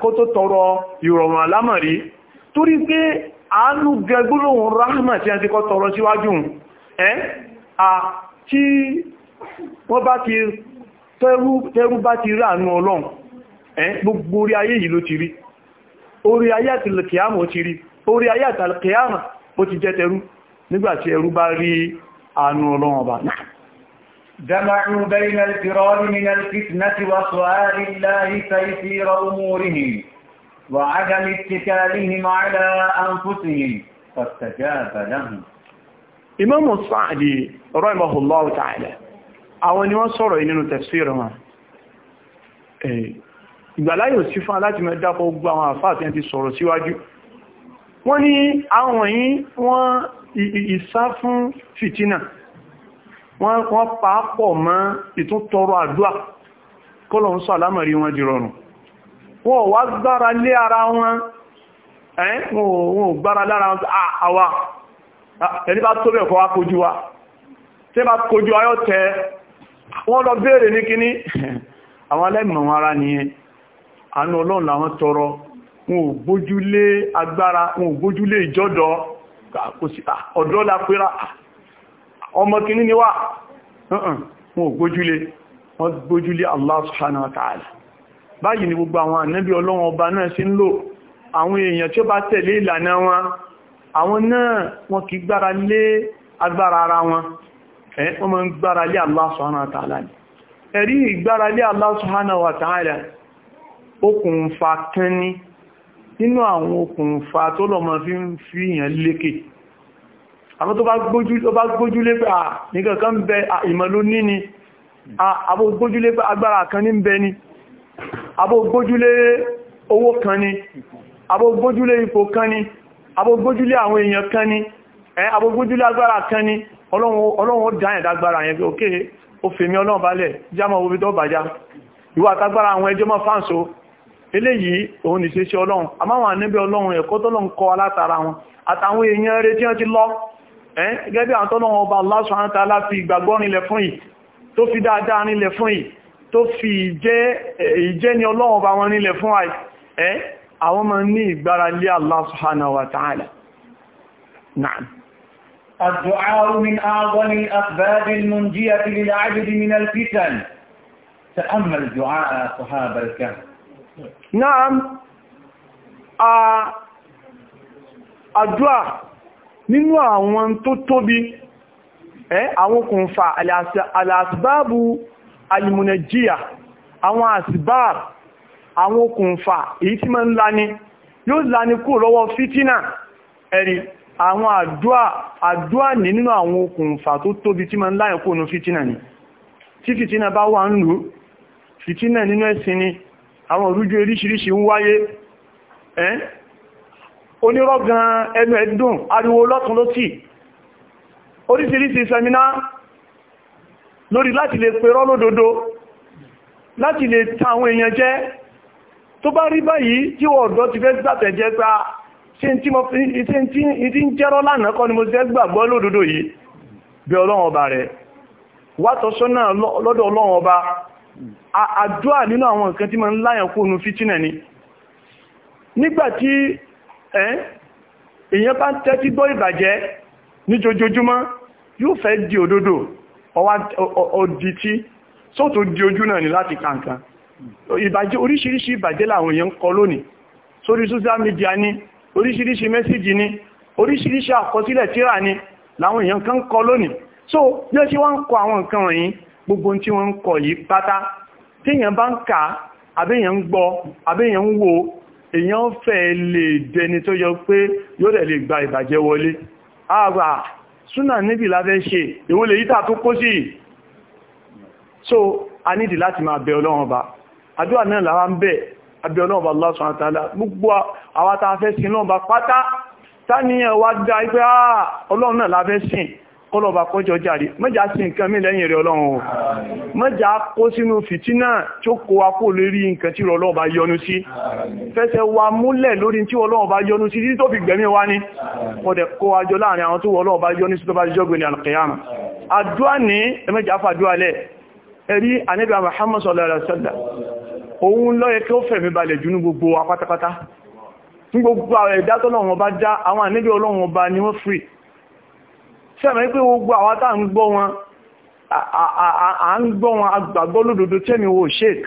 kó tó tọrọ ìrọ̀rùn alámọ̀rí torí pé àánú gẹgbólóhùn ráhìmà tí a ti kọ́ tọrọ síwájú tí wọ́n bá ti tẹ́rú bá ti rí àánú ọlọ́run gbogbo orí ayé yìí ló ti rí orí ayé àtìlẹ̀kìámà ó ti rí orí ayé àtìlẹ̀kìámà ó ti jẹ́ tẹ́rú nígbàtí ẹrú bá rí àánú ọlọ́run ọba náà جمعوا بين الفرار من الفتنة وسؤال الله تيسير أمورهم وعدم اتكالهم على أنفسهم فاستجاب لهم إمام الصعدي رحمه الله تعالى àwọn ni wọ́n sọ̀rọ̀ nínú tẹ̀síra wọn ìgbàláyò sí fún aláti mẹ́dápọ̀ gbogbo àwọn àfáà tí wọ́n ti sọ̀rọ̀ síwájú wọ́n ní àwọn yìí wọ́n ìsá fún fìtínà wọ́n pàápọ̀ mọ́ ìtún tọrọ àdúà kọ́lọ̀ ń sọ àlámọ̀rí wọn di rọrùn wọ́n wá gbára lé ara wọn ẹ́n wọ́n gbára lára wọn àwà ẹni bá tó bẹ̀kọ́ akójú wa tí bá kójú ayọ́ tẹ́ wọ́n lọ bèèrè ní kíní àwọn alẹ́mọ̀ wọn ara nìyẹn àánú ọlọ́run làwọn tọrọ wọn ò gbójúlé agbára wọn ò gbójúlé ìjọ́dọ̀ ọ̀dọ́ la pẹ́ra ọmọ ni wà wọn ò gbójúlé wọ́n gbójúlé Allah subhanahu wa ta'ala báyìí ni gbogbo àwọn ànábì ọlọ́run ọba náà sí ń lò àwọn èèyàn tí ó bá tẹ̀lé ìlànà wọn àwọn náà wọn kì gbára lé agbára ara wọn ẹ̀ gbára lé Allah subhanahu wa ni ẹ̀rí ìgbára lé Allah subhanahu fi ń fi èèyàn àwọn tó bá gbójúlé pé à nìkan kan bẹ ìmọ̀lú ní ni àbò gbójúlé pé agbára kan ní bẹ ni àbò gbójúlé owó kan ni àbò gbójúlé ipò kan ni àbò gbójúlé àwọn èèyàn kan ni àbò gbójúlé agbára kan ni ọlọ́run dáyẹ̀ dágbára yẹn òkè ó fèmí ọlọ́run balẹ̀ jámọ̀ obi tó bàjá ìwà àtagbára àwọn ẹjọ́ mọ́ fáǹsó eléyìí òun ní ṣe ṣe ọlọ́run àmáwọn àníbẹ̀ ọlọ́run ẹ̀kọ́ tọ́lọ́run àtàwọn èèyàn rẹ̀ tí wọ́n ti lọ ẹ́ gẹ́gẹ́ bí àwọn tọ́lọ́wọ́ ọba Allah subhanahu wa ta'ala fi ìgbàgbọ́ rinlẹ̀ fún yìí tó fi dáadáa rinlẹ̀ fún yìí tó fi ìjẹ́ eh, ni Ọlọ́run ọba wọn rinlẹ̀ fún ẹ́ àwọn ma ní ìgbára lé Allah الدعاء من أعظم الأسباب المنجية للعبد من الفتن تأمل دعاء صحاب الكهف نعم الدعاء nínú àwọn tó tóbi àwọn okùnfà alàsìbáàbù alìmùnẹ̀jíyà àwọn àsìbáàbù àwọn okùnfà èyí tí ma ń lani yóò lani kú lọ́wọ́ fítínà ẹ̀rí àwọn àdúà àdúà ní nínú àwọn okùnfà tó tóbi tí ma ń láyẹ̀ kú nù fítínà ni tí fítínà bá wà ń onírọ́ gan ẹnu ẹ̀dùn ariwo lọ́tún ló tì oríṣiríṣi sẹminá lórí láti lè pèrọ́ lódodo láti lè ta àwọn èèyàn jẹ́ tó bá rí báyìí tí wọ́n ọ̀dọ́ ti fẹ́ gbàtẹ̀ jẹ́ pé ṣe ń jẹ́rọ lánàá kọ́ ni mo jẹ́ gbàgbọ́ lódodo yìí bí ọlọ́run ọba rẹ̀ wátọ̀ sọ́nà lọ́dọ̀ ọlọ́run ọba àdúà nínú àwọn nǹkan tí ma ń ni nígbàtí èyàn bá ń tẹ́tí gbọ́ ìbàjẹ́ ní jojojúmọ́ yóò fẹ́ di òdodo ọwá ọdí tí sóòtò di ojú náà ni láti kankan ìbàjẹ́ oríṣiríṣi ìbàjẹ́ làwọn èèyàn ń kọ lónìí sórí social media ní oríṣiríṣi mẹ́sìjì ní oríṣiríṣi àkọsílẹ̀ tíra ní làwọn èèyàn kan ń kọ lónìí so yóò tí wọ́n ń kọ àwọn nǹkan wọ̀nyí gbogbo tí wọ́n ń kọ yìí pátá tí èèyàn bá ń kà àbẹ́yàn ń gbọ́ àbẹ́yàn ń wo èyàn fẹ́ lè dẹni tó yọ pé yóò rẹ̀ lè gba ìbàjẹ́ wọlé ààbà súnà níbi láfẹ́ ṣe ìwò lè yíta tó kó sí so a nídi láti máa bẹ ọlọ́run ọba àdúrà náà láwá ń bẹ abẹ ọlọ́run ọba Allah subhanahu wa gbogbo àwátafẹ́ sí náà bá pátá táníyàn wá gbá ipẹ́ ọlọ́run náà láfẹ́ sìn kọlọ̀bà kọjọ jáde mẹ́jà sí nǹkan mí lẹ́yìn rẹ̀ ọlọ́run o mẹ́jà kó sínú fìtínà tó kó wa kó lérí nǹkan tí ọlọ́run bá yọ́nú sí fẹsẹ̀ wa múlẹ̀ lórí tí ọlọ́run bá yọ́nú sí tó fi gbẹ̀mí wa ní kọ́dẹ̀ kó wa jọ láàrin àwọn tó ọlọ́run bá yọ́nú sí tó bá jọ́gbẹ̀ ní alkiyama àdúà ní ẹmẹ́jà fàdúà lẹ̀ ẹ̀rí ànábì sẹ́mẹ̀ pé gbogbo àwọn tá ń gbọ́ wọn à ń gbọ́ wọn agbàgbọ́ lódodo tẹ́mi wo sheik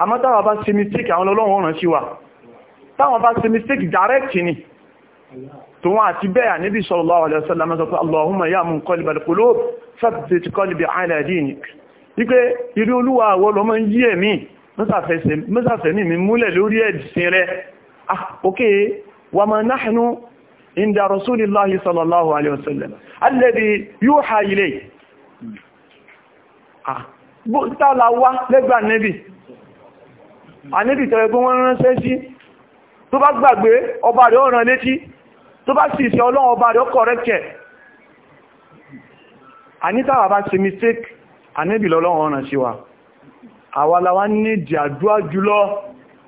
àmọ́ táwọn bá ṣe mistake àwọn ọlọ́run ọ̀ràn sí wa táwọn bá ṣe mistake direct ni tó wọ́n àti bẹ́ẹ̀ níbi sallallahu alaihi wasallam sọ pé Allahumma ya munqalibal qulub thabbit qalbi ala dinik wípé irú olúwa àwọ́ lọ́mọ yí ẹ̀mí mẹ́sàfẹ́ mi múlẹ̀ lórí ẹ̀dìsìn rẹ̀ ah okay wa ma nahnu عند رسول الله صلى الله عليه وسلم الذي يوحى إليه tààlà wá lẹ́gbà nẹ́bì ànẹ́bì tẹ̀rẹ̀ pé wọ́n ránṣẹ́ sí tó bá gbàgbé ọba rẹ̀ ọ̀ràn létí tó bá sì ṣe ọlọ́run ọba rẹ̀ ọkọ̀ rẹ̀kẹ̀ ànítàwà bá ṣe mistake ànẹ́bì lọ́lọ́run ọ̀ràn sí wa àwa la wá ní ìdí àdúrà jùlọ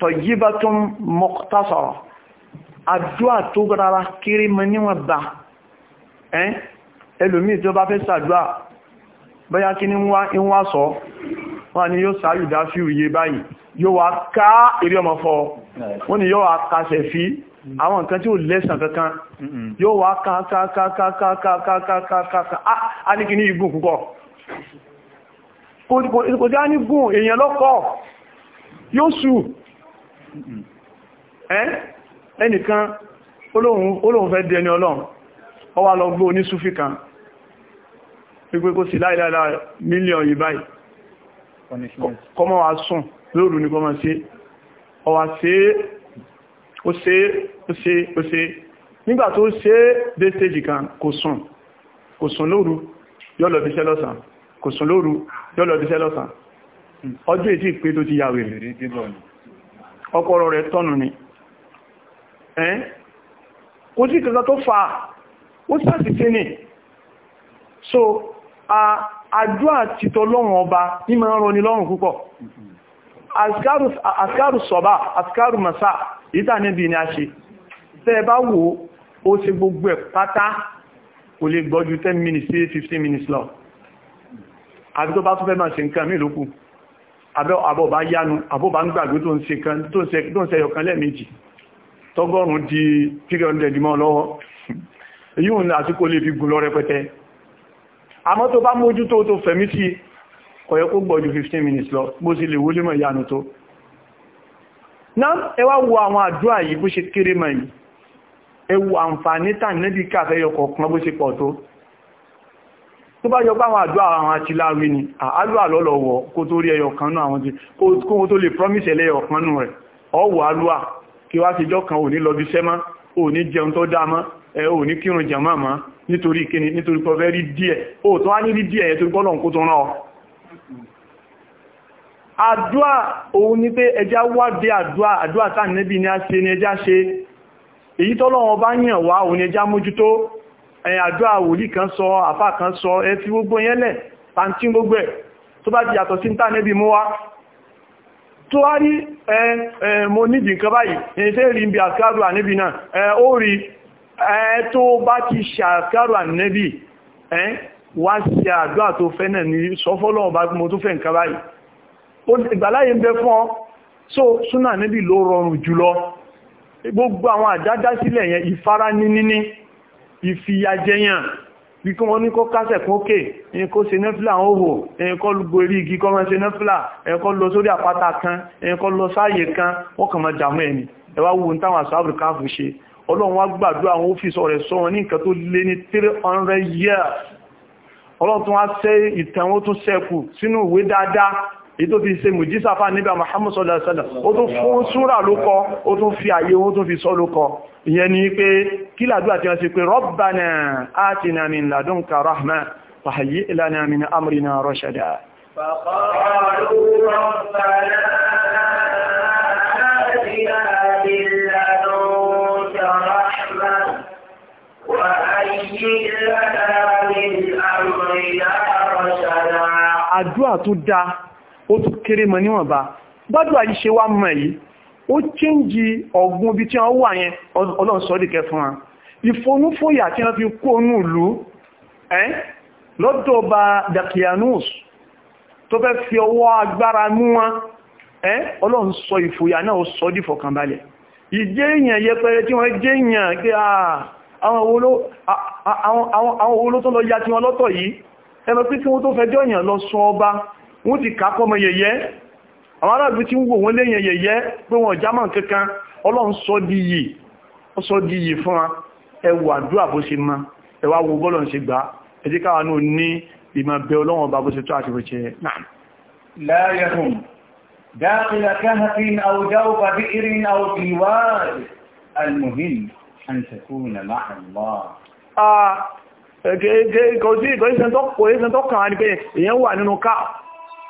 tayyibatun muqtasara àdúà tó rárá kéré mọ́ níwọ̀n bá ẹlòmí tí ó bá fẹ́ sàdúà bóyá kí ní wá sọ wọ́n ni yóò sáyùdá fíù yé báyìí yóò wá ká eré ọmọ fọ́ wọ́n ni yóò wá kásẹ̀ fí àwọn nǹkan tí ó lẹ́sàn kankan yóò wá kàkàkàkàkàkàkàkàkà á ní kì ní igun púpọ̀ yóò sù ẹnìkan olóhun fẹ́ di ẹni ọlọ́run ó wá lọ gbọ́ onísúfì kan pípé kó sí láìláìlá mílíọ̀n yìí báyìí kọmọ wa sùn lóòrù ní kọmọ sí ọwà sí ó ṣe ó ṣe ó ṣe nígbà tó ṣe dé stage kan kò sùn kò sùn lóòrù yọ́lọ̀ bí iṣẹ́ lọ́sàn kò sùn lóòrù yọ́lọ̀ bí iṣẹ́ lọ́sàn hmm. ọjọ́ ètí ìpé ọkọ̀rọ̀ rẹ̀ tọ́nù ni ẹ́n kò sí kẹta tó fa ó sáàtì tí ní so àdúà títọ́ lọ́rùn ọba ní ma ń rọ ní lọ́rùn púpọ̀ àsìkárù sọ̀bá àsìkárù masá ìta níbi ni a ṣe tẹ́ bá wo ó ṣe gbogbo ẹ̀ pátá kò lè gbọ́jú 10 minutes sí 15 minutes lọ àti tó bá tún fẹ́ máa ṣe nǹkan mí lókù àbọ̀bá yánu àbọ̀bá ń gbàgbé tó ń ṣe kan tó ń ṣe ọ̀kan lẹ́ẹ̀mejì tọ́gọ́rùn di 300 mọ́ lọ́wọ́ èyí òun àsìkò lè fi gùn lọ rẹpẹtẹ àmọ́ tó bá mójú tó tó fẹ̀mí sí ọ̀yẹ́ gbọ́jú 15 minutes lọ bó sì lè wólé mọ̀ ìyanu tó náà ẹ wá wo àwọn àdúrà yìí bó ṣe kéré mọ̀ tó bá yọ báwọn àdúrà àwọn àtìláwí ni àálùwà lọ́lọ́wọ́ kó tó rí ẹyọ kanú àwọn tí kó tó lè promise ẹlẹ́yọ kanú rẹ̀ ọwọ́ àálùwà kí wá sí jọ́kan ò ní lọ́bí sẹ́má ò ní jẹun tó dáa mọ́ ẹ ò ní kírun jàmá mọ́ nítorí kíni nítorí pọ̀fẹ́ rí díẹ̀ ò tó wá ní rí díẹ̀ ẹ̀ tó gbọ́nà kó tó rán ọ àdúà òun ni pé ẹjá wádé àdúà àdúà táà nẹ́bí a ṣe ni ẹjá ṣe èyí tọ́lọ́wọ́n bá yàn wá òun ẹjá mójútó àjọ àwòlí kan sọ àfá kan sọ ẹ fi gbogbo yẹn lẹ̀ pàntí gbogbo ẹ̀ tó bá ti yàtọ̀ sí ń tà níbi mú wá tó wá rí mo níbi nǹkan báyìí ẹ̀ẹ́sẹ́ rí bí àkárù àníbi náà ó rí tó bá ti ṣàkárù àníbi wá sí so súnà níbi ló rọrùn jùlọ gbogbo àwọn àdádásílẹ̀ yẹn ìfara ní níní ìfìyàjẹyàn bí kí wọ́n ní kó kásẹ̀ kó kè ẹni kó ṣe nẹ́fìlà òhò ẹni kó lùgbò eré igi kó máa ṣe nẹ́fìlà ẹni kó lọ sórí àpáta kan ẹni kó lọ sáàyè kan wọ́n kàn máa jàmọ́ ẹni ẹwà wo táwọn àṣàbùrù káàfù ṣe ọlọ́run wá gbàdúrà àwọn òfìsọ rẹ̀ sọ wọn ní nǹkan tó lé ní 300 years ọlọ́run tún wá sẹ́ ìtàn ó tún ṣẹ́kù sínú ìwé dáadáa ìtò fi ṣe mùjísàfà níbà Muhammad sallallahu alaihi wasallam ó tún fún súrà ló kọ ó tún fi àyè ó tún fi sọ ló kọ ìyẹn ni pé kí làdúrà tí wọ́n ṣe pé Rabbana atina min ladunka rahma wa hayyi' lana min amrina àdúà tó dáa ó tún kéré mọ níwọ̀nba gbádùn àyí ṣe wá mọ̀ yìí ó chéńjì ọ̀gbun ibi tí wọ́n wà yẹn ọlọ́run sọ dìkẹ́ fún wa ìfonúfòyà tí wọ́n fi kó nù lú ẹ́ lọ́dọ̀ ọba dakianus tó fẹ́ fi ọwọ́ agbára mú wọn ẹ́ ọlọ́run sọ ìfòyà náà ó sọ dìfọ̀kànbalẹ̀ ìjẹ́ èèyàn yẹpẹrẹ tó lọ ya tí wọ́n lọ sọ ọba wọ́n ti kàkọ́ mọ yẹyẹ àwọn aráàlú tí ń wọ́n léyìn yẹyẹ pé wọ́n jámọ̀ kankan ọlọ́run sọ di yìí fún ẹwà àdúrà bó ṣe má ẹwà wo bọ́lọ̀ ṣe gbá ẹjí náà ní ìmọ̀ bẹ ọlọ́run ọba bó ṣe tó àti bó ṣe náà láyẹ̀kùn داخل كهف أو جوف بئر المهم أن تكون مع الله kò sí ìkọ̀ ìsẹ́ntọ́kàn ní pé èyàn wà nínú káà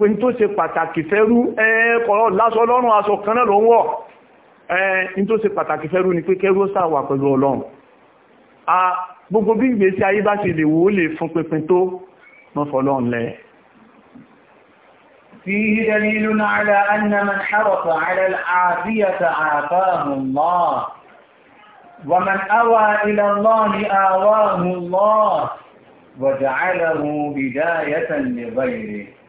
pín tó ṣe pàtàkì fẹ́rú ẹ̀ẹ́kọ̀ọ́ lásọ lọ́rùn aṣọ kan náà ló ń wọ̀ ẹ̀ẹ́n tó ṣe pàtàkì fẹ́rú ni pé kẹ́rú sàwà pẹ̀lú ọlọ́run a gbogbo bí ìgbésí ayé bá ṣe lè wò lè fún pínpín tó mọ́fọ́lọ́run lẹ́ فيه وجعله بداية لغيره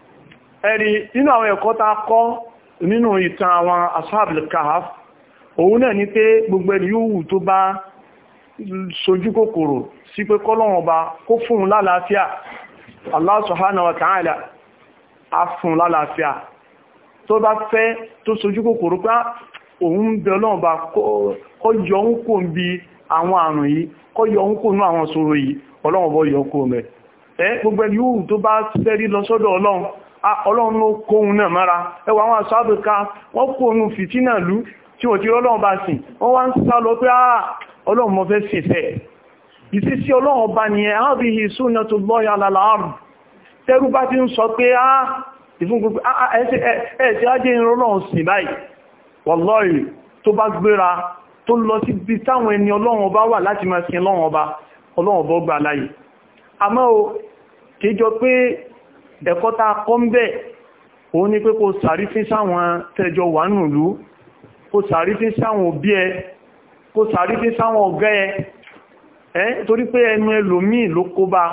ẹ̀rí nínú àwọn ẹ̀kọ́ ta kọ́ nínú ìtàn àwọn ashabul òun náà ní pé gbogbo ẹni yóò wù tó bá sojú kòkòrò sí pé kọ́lọ́run bá kó fún lálàáfíà Allah subhanahu lálàáfíà tó bá tó sojú kòkòrò ah, gbogbo ẹni yóò tó bá ọlọ́run ló kóhun náà mára ẹwà àwọn àṣábẹ̀ká wọ́n kó oòrùn fìtínà lú tí wọ́n ti rọ́lọ́run bá sìn wọ́n wá ń sá lọ pé ọlọ́run mọ́ fẹ́ sìnfẹ́ ìsísí ọlọ́run ọba nìyẹn ààbìhì súnà tó lọ́ yà lálàárùn tẹ́rú bá ti ń sọ pé ẹ̀ẹ́sẹ̀ ajé ìrọ́lọ́run sìn báyìí wọ́lọ́rì tó bá gbéra tó lọ sí bí táwọn ẹni ọlọ́run ọba wà láti ẹ̀kọ́ tá a kọ́ ń bẹ̀ òun ni pé kó sàrífín sáwọn tẹjọ wà nùlú kó sàrífín sáwọn òbí ẹ kó sàrífín sáwọn ọ̀gá ẹ ẹ́ torí pé ẹnu ẹlòmíì ló kó bá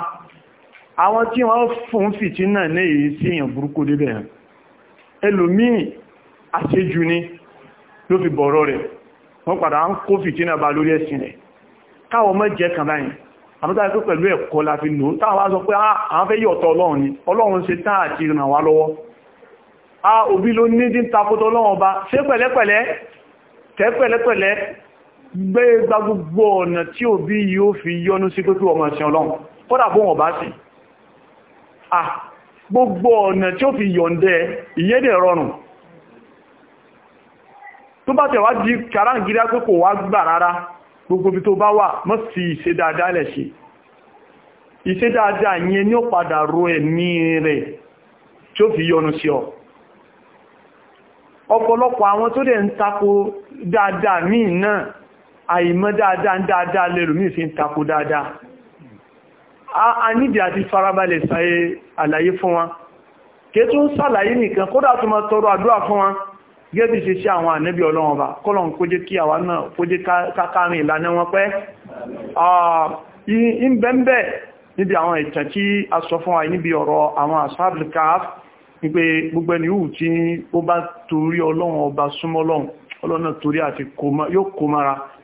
àwọn tí wọ́n fún fìtí náà ní èyí sí èyàn burúkú débẹ̀ ẹlòmíì àṣejù ni àmúta ẹ̀kọ́ pẹ̀lú ẹ̀kọ́ la fi nù táwà sọ pé ah, àwọn fẹ́ yọ̀tọ̀ ọlọ́run ni ọlọ́run ṣe táà ti ràn wá lọ́wọ́ a òbí ló ní dín takótọ́ ọlọ́run ọba ṣe pẹ̀lẹ́pẹ̀lẹ́ tẹ́pẹ̀lẹ́pẹ̀lẹ́ gbé gba gbogbo ọ̀nà tí òbí yóò fi yọ́nú sí pé kí ọmọ ẹ̀sìn ọlọ́run kódà bó wọn bá sì à gbogbo ọ̀nà tí ó fi yọ̀ǹdẹ ìyẹ́dẹ̀ rọrùn tó bá tẹ̀wá di kàráǹgídá pé kò wá gbà rárá gbogbo bí tó bá wà mọ́ sí ìṣe dáadáa lẹ̀ ṣe ìṣe dáadáa yẹn ní ó padà ro ẹ̀mí rẹ̀ tí ó fi yọnu sí ọ ọ̀pọ̀lọpọ̀ àwọn tó dẹ̀ ń tako dáadáa míì náà àìmọ́ dáadáa ń dáadáa lẹ́rù míì fi ń tako dáadáa a nídìí àti farabalẹ̀ sàyé àlàyé fún wa kí tó ń sàlàyé gẹ́bí ṣe ṣe àwọn ànẹ́bí ọlọ́run ọba kọ́lọ̀n kó jẹ́ kí àwa náà kó jẹ́ kákàrin ìlànà wọn pẹ́ ìbẹ̀m̀bẹ̀ níbi àwọn ìtàn tí a sọ fún wa níbi ọ̀rọ̀ àwọn asáàbìkáf wípé gbogbo ẹni hù tí ó bá torí ọlọ́run ọba súnmọ́ ọlọ́run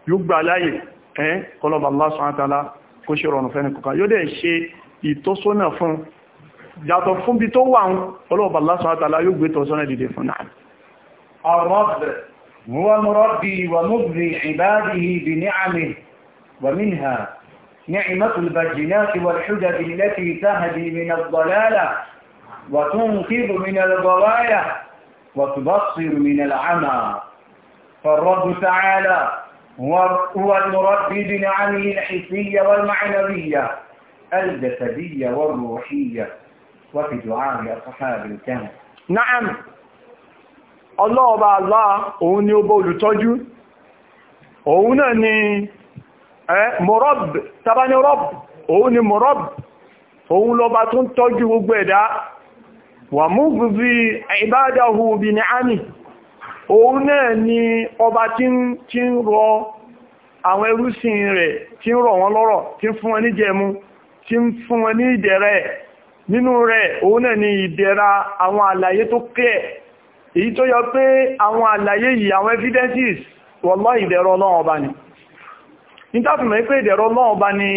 ọlọ́run Allah subhanahu wa ta'ala kó ṣe rọrùn fẹ́ni kọ̀kan yóò dẹ̀ ṣe ìtọ́sọ́nà fún yàtọ̀ Allah subhanahu wa ta'ala yóò gbé tọ́sọ́nà الرب هو مربي ومبلي عباده بنعمه ومنها نعمة البجنات والحجب التي تهدي من الضلالة وتنقذ من الغواية وتبصر من العمى فالرب تعالى هو المربي بنعمه الحسية والمعنوية الجسدية والروحية وفي دعاء أصحاب الكهف نعم ọlọ́ọ̀bá Allah òun ni ó bá olùtọ́jú òun náà ni mọ̀rọ̀b tàbání rọ̀b òun ni mọ̀rọ̀b òun lọba tó ń tọ́jú gbogbo ẹ̀dá wà mú gbogbo ìbádáhù bí ní àmì òun náà ni ọba tí ń rọ àwọn ẹrúsìn rẹ̀ tí ń rọ̀ wọn lọ́rọ̀ tí ń fún wọn ní jẹmu tí ń fún wọn ní ìdẹ̀rẹ̀ nínú rẹ̀ òun náà ni ìdẹ̀ra àwọn àlàyé tó kẹ́ẹ̀ èyí tó yọ pé àwọn àlàyé yìí àwọn evidences wallahi ìdẹ̀rọ Ọlọ́run ọba ni nítàfimẹ̀ pé ìdẹ̀rọ Ọlọ́run ọba ni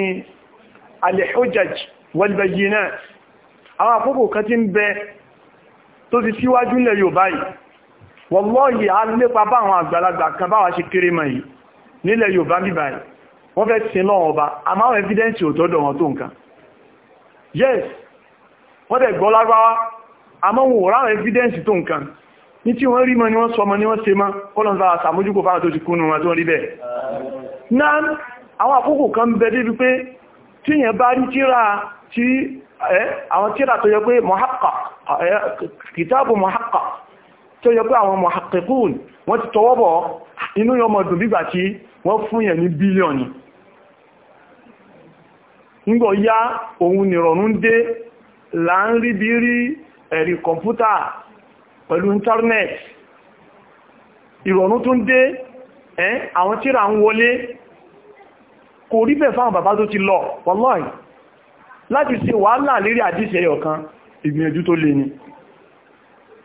al-hujaj wal-bayyinat àwọn àkókò kan ti ń bẹ tó ti síwájú ilẹ̀ Yorùbá yìí wallahi evidence ò yes wọ́n tẹ̀ gbọ́ lágbáwá àmọ́ wọn ò evidence tó nǹkan ní tí wọ́n rí mọ́ ni wọ́n sọmọ ni wọ́n ṣe mọ́ ọlọ́nà àṣàmójúkò fáwọn tó ti kúnnù wọn tó rí bẹ̀. náà àwọn àkókò kan bẹ débi pé tí yẹn bá rí tíra tí àwọn tíra tó yẹ pé mọ̀hákà kìtàbù tó yẹ pé àwọn mọ̀hákẹ́kùn wọ́n ti ya òun nìrọ̀rún dé là ń pẹ̀lú internet ìrọ̀rùn tún dé ẹ́ àwọn tíra ń wọlé kò rí bẹ̀ fáwọn bàbá tó ti lọ wallahi láti ṣe wàhálà lérí àdíṣe ẹyọ kan ìgbìyànjú tó lè ní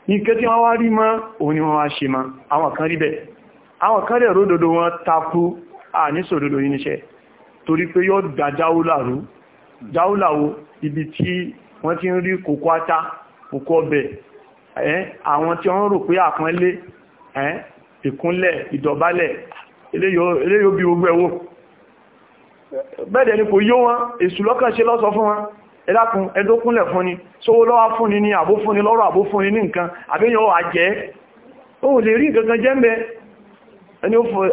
nǹkan tí wọ́n wá rí mọ́ òun ni wọ́n wá ṣe mọ́ àwọn kan rí bẹ̀ àwọn kan rẹ̀ àwọn tí wọ́n rò pé àpọ́nlé ìkúnlẹ̀ ìdọ̀bálẹ̀ eléyò bí gbogbo ẹ̀wò bẹ́ẹ̀dẹ̀ ni kò yó wọn èṣù lọ́kàn ṣe lọ́sọ fún wọn ẹlákun ẹdókúnlẹ̀ fún ni sówó lọ́wọ́ fún ni ní àbó fún ni lọ́rọ̀ àbó fún ni ní nǹkan àbíyàn àjẹ́ ó lè rí nǹkan jẹ́ mẹ́ ẹni ó fún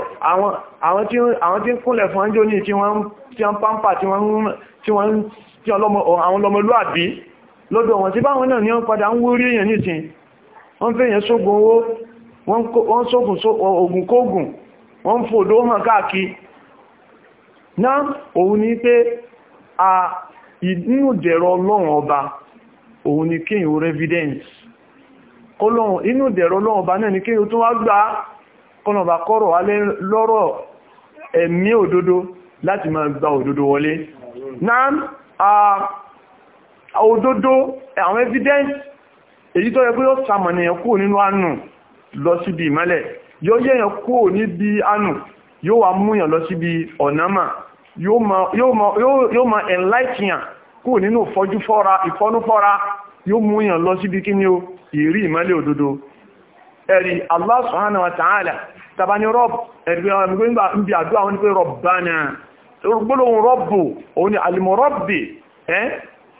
àwọn tí ń kúnlẹ̀ fún ọjọ́ ní tí wọ́n ń pàmpà tí wọ́n lọ́mọlúàbí lọ́dọ̀ wọn tí báwọn náà ni wọ́n padà ń wórí èèyàn nìsìn wọ́n èèyàn sógun owó wọ́n sógun ogun kógun wọ́n ń fòdó hàn káàkiri náà òun ni pé a inú dẹ̀rọ ọba òun ni kí ìhò revidence inú dẹ̀rọ ọlọ́run ọba náà ni kí tó wá gbá náà òdodo àwọn evidence èyí tó yẹ pé yóò sàmọ̀nìyàn kúrò nínú àánú lọ síbi ìmọ́lẹ̀ yóò yẹ̀yàn kúrò níbi àánú yóò wá múyàn lọ síbi ọ̀nàmà yóò ma enlightenyàn kúrò nínú ìfọ́núfọ́ra yóò múyàn lọ síbi kí ni ó ìrí ìmọ́lẹ̀ òdodo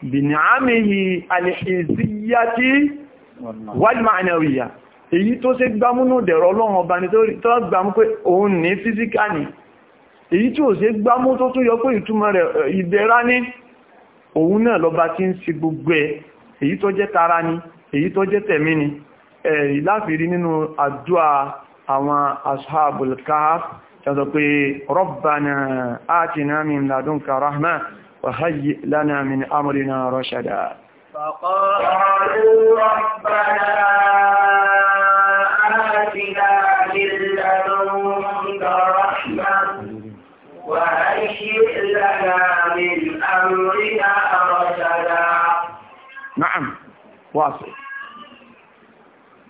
bìnìámìhì alìṣìṣíyàtí wàlìmáànàwìyà èyí tó ṣe gbámúnú dẹ̀rọ ọlọ́run ọba ni tó gbámú pé òun ní físíkà ní èyí tí ò ṣe gbámú tó tún yọ pé ìtumọ̀ rẹ̀ ìdẹ̀ra ní òun náà lọba tí ń ṣe gbogbo ẹ̀ èyí tó jẹ́ tara ni èyí tó jẹ́ tẹ̀mí ni ẹ̀rí nínú àdúà àwọn ashabul kahf وهيئ لنا من أمرنا رشدا فقالوا ربنا آتنا من رحمة وهيئ لنا من أمرنا رشدا نعم واصل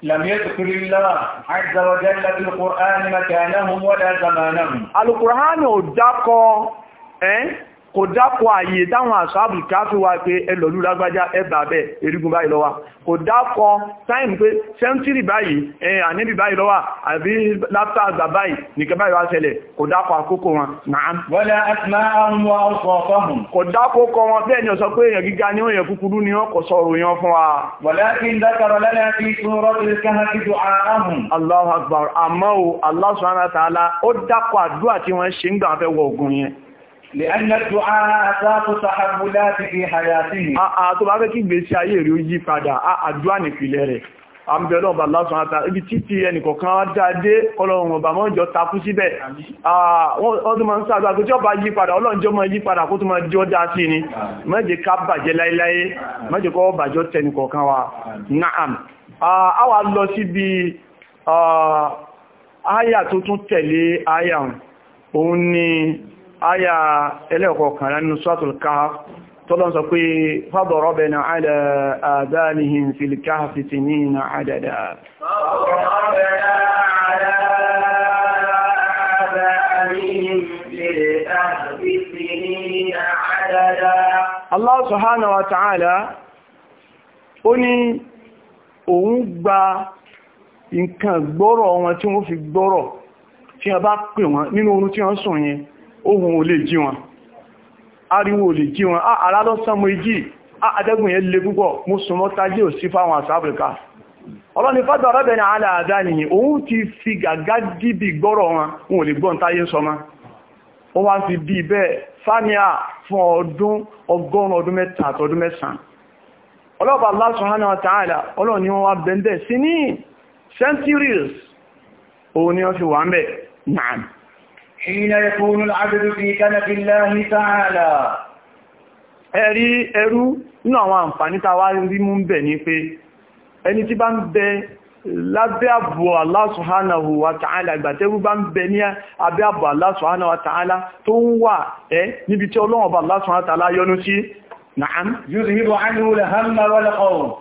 لم يذكر الله عز وجل في القرآن مكانهم ولا زمانهم القرآن دقوا إيه؟ kò dápọ̀ àyè táwọn àṣàbù káfí wá pé ẹlọ̀lú lágbájá ẹbà bẹ́ erigun báyìí lọ́wà kò dápọ̀ táìmù pé sẹ́ńtírì báyìí ẹ̀yìn àníbì báyìí lọ́wà àbí lápá àgbà báyìí nìkan báyìí wá ṣẹlẹ̀ kò dápọ̀ àkókò wọn náà wala asma'ahum wa awsafahum kò dápọ̀ kọ wọn bẹ́ẹ̀ ni wa walakin dhakara لأن الدعاء أساس تحولات في حياته tó bá fẹ́ kí ìgbésí ayé rẹ̀ ó yí padà àdúà nípìlẹ̀ rẹ̀ àmìbẹ̀lọ́ ọba lásán àtà ibi títí ẹnìkọ̀kan dáadé ọlọ́run ọba mọ́jọ takú síbẹ̀ wọ́n tó máa ń sáàdá kó tí ọba yí padà ọlọ́njọ́ máa yí padà kó tó máa jọ dá sí ni má ká bàjẹ́ láíláí aya ẹlẹ́ọ̀kọ̀ọ̀kan nínú suratul Kahf tọ́lọ́n sọ pé fadarabna ala adhanihim fil kahfi sinina adada fadarabna ala adhanihim fil kahfi sinina adada Allah subhanahu wa ta'ala ó ní òun gba nǹkan gbọ́rọ̀ wọn tí wọ́n fi gbọ́rọ̀ tí wọ́n bá pè wọn nínú orun tí wọ́n sùn yẹn ohun ò lè jí wọn ariwo ò lè jí wọn ara ah, lọ́sán mo ijí ah, adẹ́gùn yẹn lè púpọ̀ mo súnmọ́ tají ò sí fáwọn àṣà áfríkà ọlọ́ni fàtà ọ̀rọ̀bẹ̀rin aláàdá nìyí òun ti fi gàgá dìbì gbọ́rọ̀ wọn wọn ò lè gbọ́n táyé sọmọ́ wọ́n wá fi bí bẹ́ẹ̀ centuries òun ni wọ́n fi حين يكون العبد في كنف الله تعالى ẹ̀rí ẹrú nínú àwọn àǹfàní tàwà rí mú ń bẹ̀ ní pé ẹni tí bá ń bẹ lábẹ́ àbò Allah subhanahu wa ta'ala ìgbàtẹ́rú bá ń bẹ ní abẹ́ àbò Allah subhanahu tó ń wà ẹ́ níbi tí Ọlọ́run bá Allah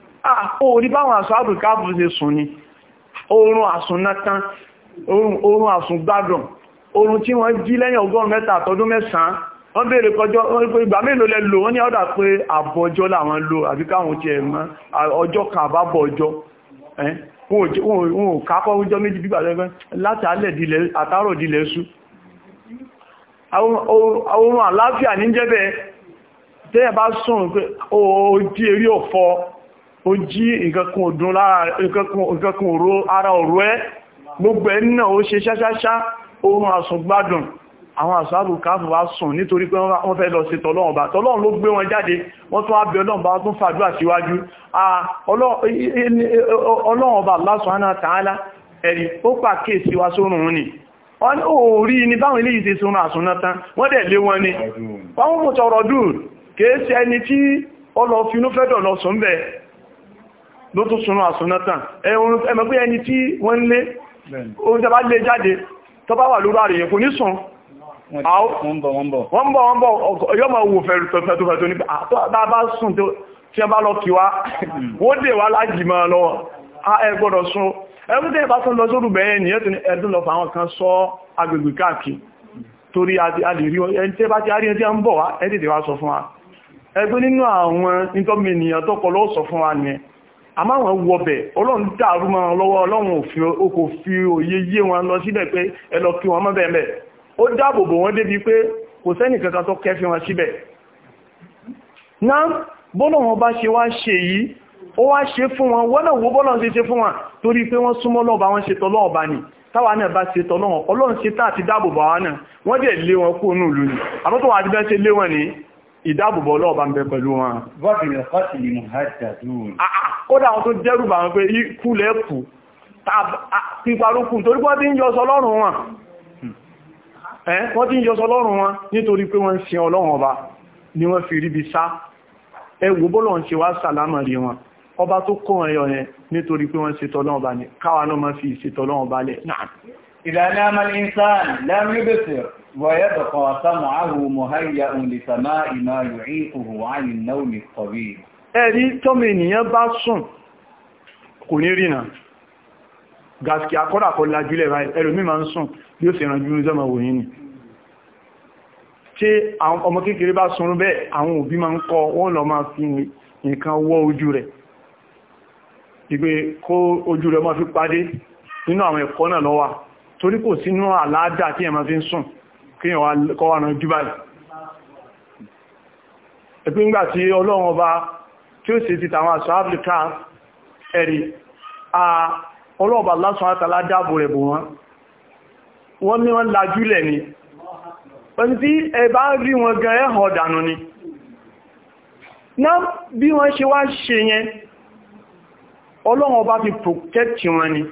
orí ah, báwọn àṣọ àbùkáàbù ṣe sùn ni oorun àsùnnátán oorun àsùngbádùn oorun tí wọ́n jí lẹ́yìn ọgọ́rùn mẹ́ta àtọdún mẹ́sàn-án wọ́n béèrè kọjọ́ ìgbà mélòó lẹ lò wọ́n ní ọ̀dà pé àbọ̀ọjọ́ làwọn lò àbí káwọn ti ẹ̀mọ́ ọjọ́ kan àbábọ̀ọjọ́ wọn ò kápọ̀ ọjọ́ méjì bígbà lẹ́gbẹ́ láti alẹ́ àtàrọ̀ dílẹ̀ sú oorun àláfíà ní jẹ́bẹ̀ẹ́ tẹ́yẹ̀ bá sùn pé ó di eré ọ̀fọ́ ó jí nǹkankan òdún lára nǹkankan òró ara ọ̀rọ̀ ẹ́ gbogbo ẹ̀ náà ó ṣe ṣáṣáṣá oorun àsùngbádùn àwọn àṣàbù káàfù wá sùn nítorí pé wọ́n fẹ́ lọ sí tọ́lọ́run bá tọ́lọ́run ló gbé wọn jáde wọ́n tún ábẹ̀ ọlọ́run bá tún fàdúrà síwájú ọlọ́run bá lásùn ánà tààlá ẹ̀rí ó pàkè síwá sórùn ní orí ní báwọn ilé ìṣẹ́ sórùn àsùnná tán wọ́n dẹ̀ lé wọn ni wọ́n mú tọrọ dùn kèé sí ẹni tí ọlọ́finú fẹ́dọ̀ lọ sùn bẹ́ẹ̀ ló tún súnú àsúnátàn ẹmọ̀gbé ẹni tí wọ́n lé oúnjẹ bá lè jáde tó bá wà lórí àríyìn kò ní sùn wọ́n bọ̀ wọ́n bọ̀ yọ́mọ̀ wò fẹ̀tọ̀fẹ̀tọ̀ ní ah, bá sùn ah, tí ẹ bá lọ kí wá wọ́n dè wá lájìmọ̀ lọ ẹgbọ́dọ̀ sún ẹgbẹ́ bá tún lọ sórù bẹ̀yẹn ni ẹ́tùn ẹ̀dùn lọ fàwọn kan sọ agbègbè káàkiri torí alìrí ẹni tí bá ti arí ẹni tí ń bọ̀ wá ẹ́ àmọ́ àwọn wọbẹ̀ ọlọ́run dàrú mọ́ wọn lọ́wọ́ ọlọ́run kò fi òye yé wọn lọ síbẹ̀ pé ẹ lọ kí wọn mọ́ bẹ́ẹ̀ bẹ́ẹ̀ ó dáàbò bò wọ́n débi pé kò sẹ́nì kankan tó kẹfí wọn síbẹ̀ náà bọ́lọ̀wọ́n bá ṣe wá ṣe yìí ó wá ṣe fún wọn wọ́nà wo bọ́lọ̀ ṣe ṣe fún wọn torí pé wọ́n ìdáàbòbò ọlọ́ọ̀bá ń bẹ pẹ̀lú wọn. Ah, ah, kódà wọn tó dẹ́rù bà wọn pé ikú lẹ́kù píparúkù torí wọ́n ti ń yọ sọ lọ́rùn wọn hmm. wọ́n ti ń yọ sọ lọ́rùn wọn nítorí pé wọ́n ń sin ọlọ́run ọba ni wọ́n fi ríbi sá ẹwù bọ́lọ̀ ń ṣe wá sàlámà rí wọn tó kọ́ ẹ̀yọ̀ yẹn nítorí pé wọ́n ṣe tọ́lọ́run ọba ni káwa náà máa fi ìṣètọ́lọ́run lẹ̀ náà إذا نام الإنسان لم يبصر ويبقى سمعه مهيأ لسماء ما يعيقه عن النوم الطويل ẹ̀rí تمني ènìyàn bá sùn kò ní rína gàskì akọ́dà kọ́ lajúlẹ̀ ráì ẹlòmí ma ń sùn bí ó sì ràn jùlọ zọ́mọ̀ wòyí ni tí ọmọ kékeré bá sùn bẹ́ẹ̀ àwọn òbí ma ń kọ wọ́n lọ máa fi nǹkan wọ́ ojú rẹ̀ ìgbé kó ojú rẹ̀ máa fi pàdé nínú àwọn ẹ̀kọ́ náà lọ́wà torí kò sínú àládà tí ẹ̀mà fi ń sùn kí kọ́ wà náà jùbáyì ẹ̀pín gbà tí ọlọ́run ọba tí ó sì ti tàwọn àṣọ áfíríkà ẹ̀rì a ọlọ́ọ̀bà lásán àtàlá dáàbò rẹ̀ bò wọ́n wọ́n ní wọ́n lajúlẹ̀ ni wọ́n tí ẹ bá rí wọn gan ẹ̀họ̀ dànù ni náà bí wọ́n ṣe wá ṣe yẹn ọlọ́run ọba fi protect wọn ni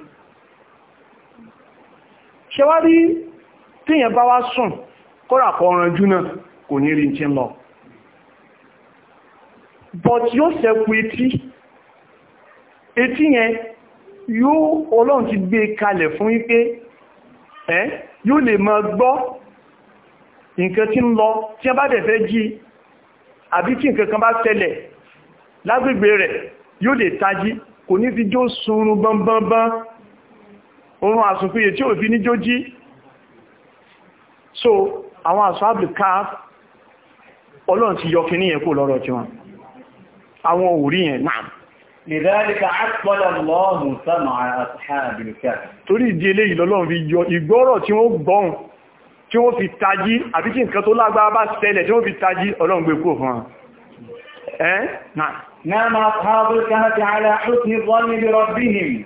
ṣe wá rí tíyàn bá wá sùn kọ́rà kọ́ ọ̀rànjú náà kò ní rí tí ń lọ but yóò sẹ́kù etí etí yẹn yóò ọlọ́run ti gbé kalẹ̀ fún wípé ẹ́ yóò lè máa gbọ́ nǹkan tí ń lọ tí a bá dẹ̀ fẹ́ jí àbí tí nǹkan kan bá ṣẹlẹ̀ lágbègbè rẹ̀ yóò lè tají kò ní fi jó sunrun bọ́nbọ́nbọ́n orun àsùnfíyè tí o fi ní jójí so àwọn àsọ́bù káf ọlọ́run ti yọ kìíní yẹn kó lọ́rọ̀ tí wọn àwọn òrí yẹn náà لذلك عقل الله سمع أصحاب الكهف torí ìdí eléyìí lọ́lọ́run fi yọ ìgbọ́rọ̀ tí wọ́n gbọ́hùn tí wọ́n fi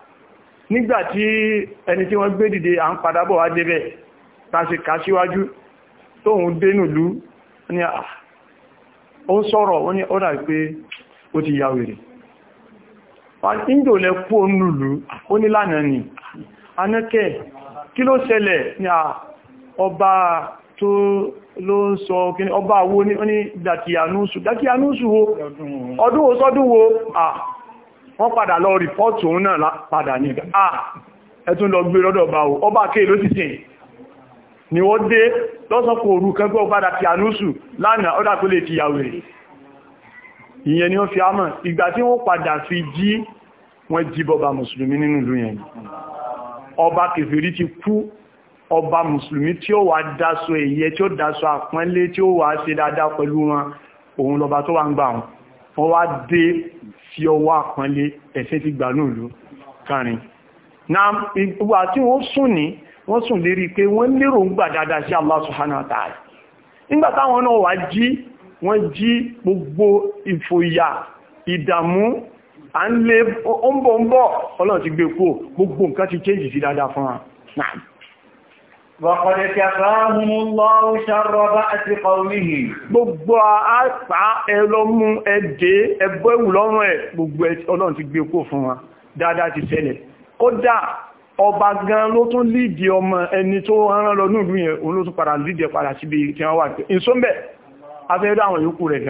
nígbàtí ẹni tí wọ́n gbé dìde à ń padà wá débẹ̀ tàṣì ká síwájú tóhun dénùlú ah. ó ti ya wèrè ìjòlẹ̀ kú ó ní lánàá anákẹ́ kí ló ní ah, ọba tó ló ń sọ ọba wo ní wo ah. wọ́n padà lọ rìpọ́tù òun náà padà ní à ah, ẹ̀tún lọ gbé lọ́dọ̀ bá o ọba kéè ló ti sìn ni wọ́n dé lọ́sọ́kọ̀ òru kẹgbẹ́ padà fi ànúsù lánàá ọ́dà tó lè fi yàwó ìyẹn ni wọ́n fi ámọ̀ ìgbà tí wọ́n padà fi jí wọ́n jí bọba mùsùlùmí nínú ìlú yẹn ọba kèfèrí ti kú fi ọwọ́ àpọ́nlé ẹ̀ṣẹ̀ ti gbà náà na ìgbà tí wọ́n sùn ní wọ́n sùn lérí pé wọ́n lérò ń gbà dáadáa sí Allah subhanahu wa nígbà táwọn náà wà jí wọ́n jí gbogbo ya a وقد كفاهم اللَّهُ شَرَّ بأس قومه gbogbo àpá ẹlọ́mú ẹdẹ ẹgbẹ́ ìwùlọ́rùn ẹ̀ gbogbo ọlọ́run ti gbé kó fún wa dáadáa ti ṣẹlẹ̀ kódà ọba gan ló tún lídìí ọmọ ẹni tó rán lọ nílùú yẹn òun ló tún padà lídìí padà síbi tí wọ́n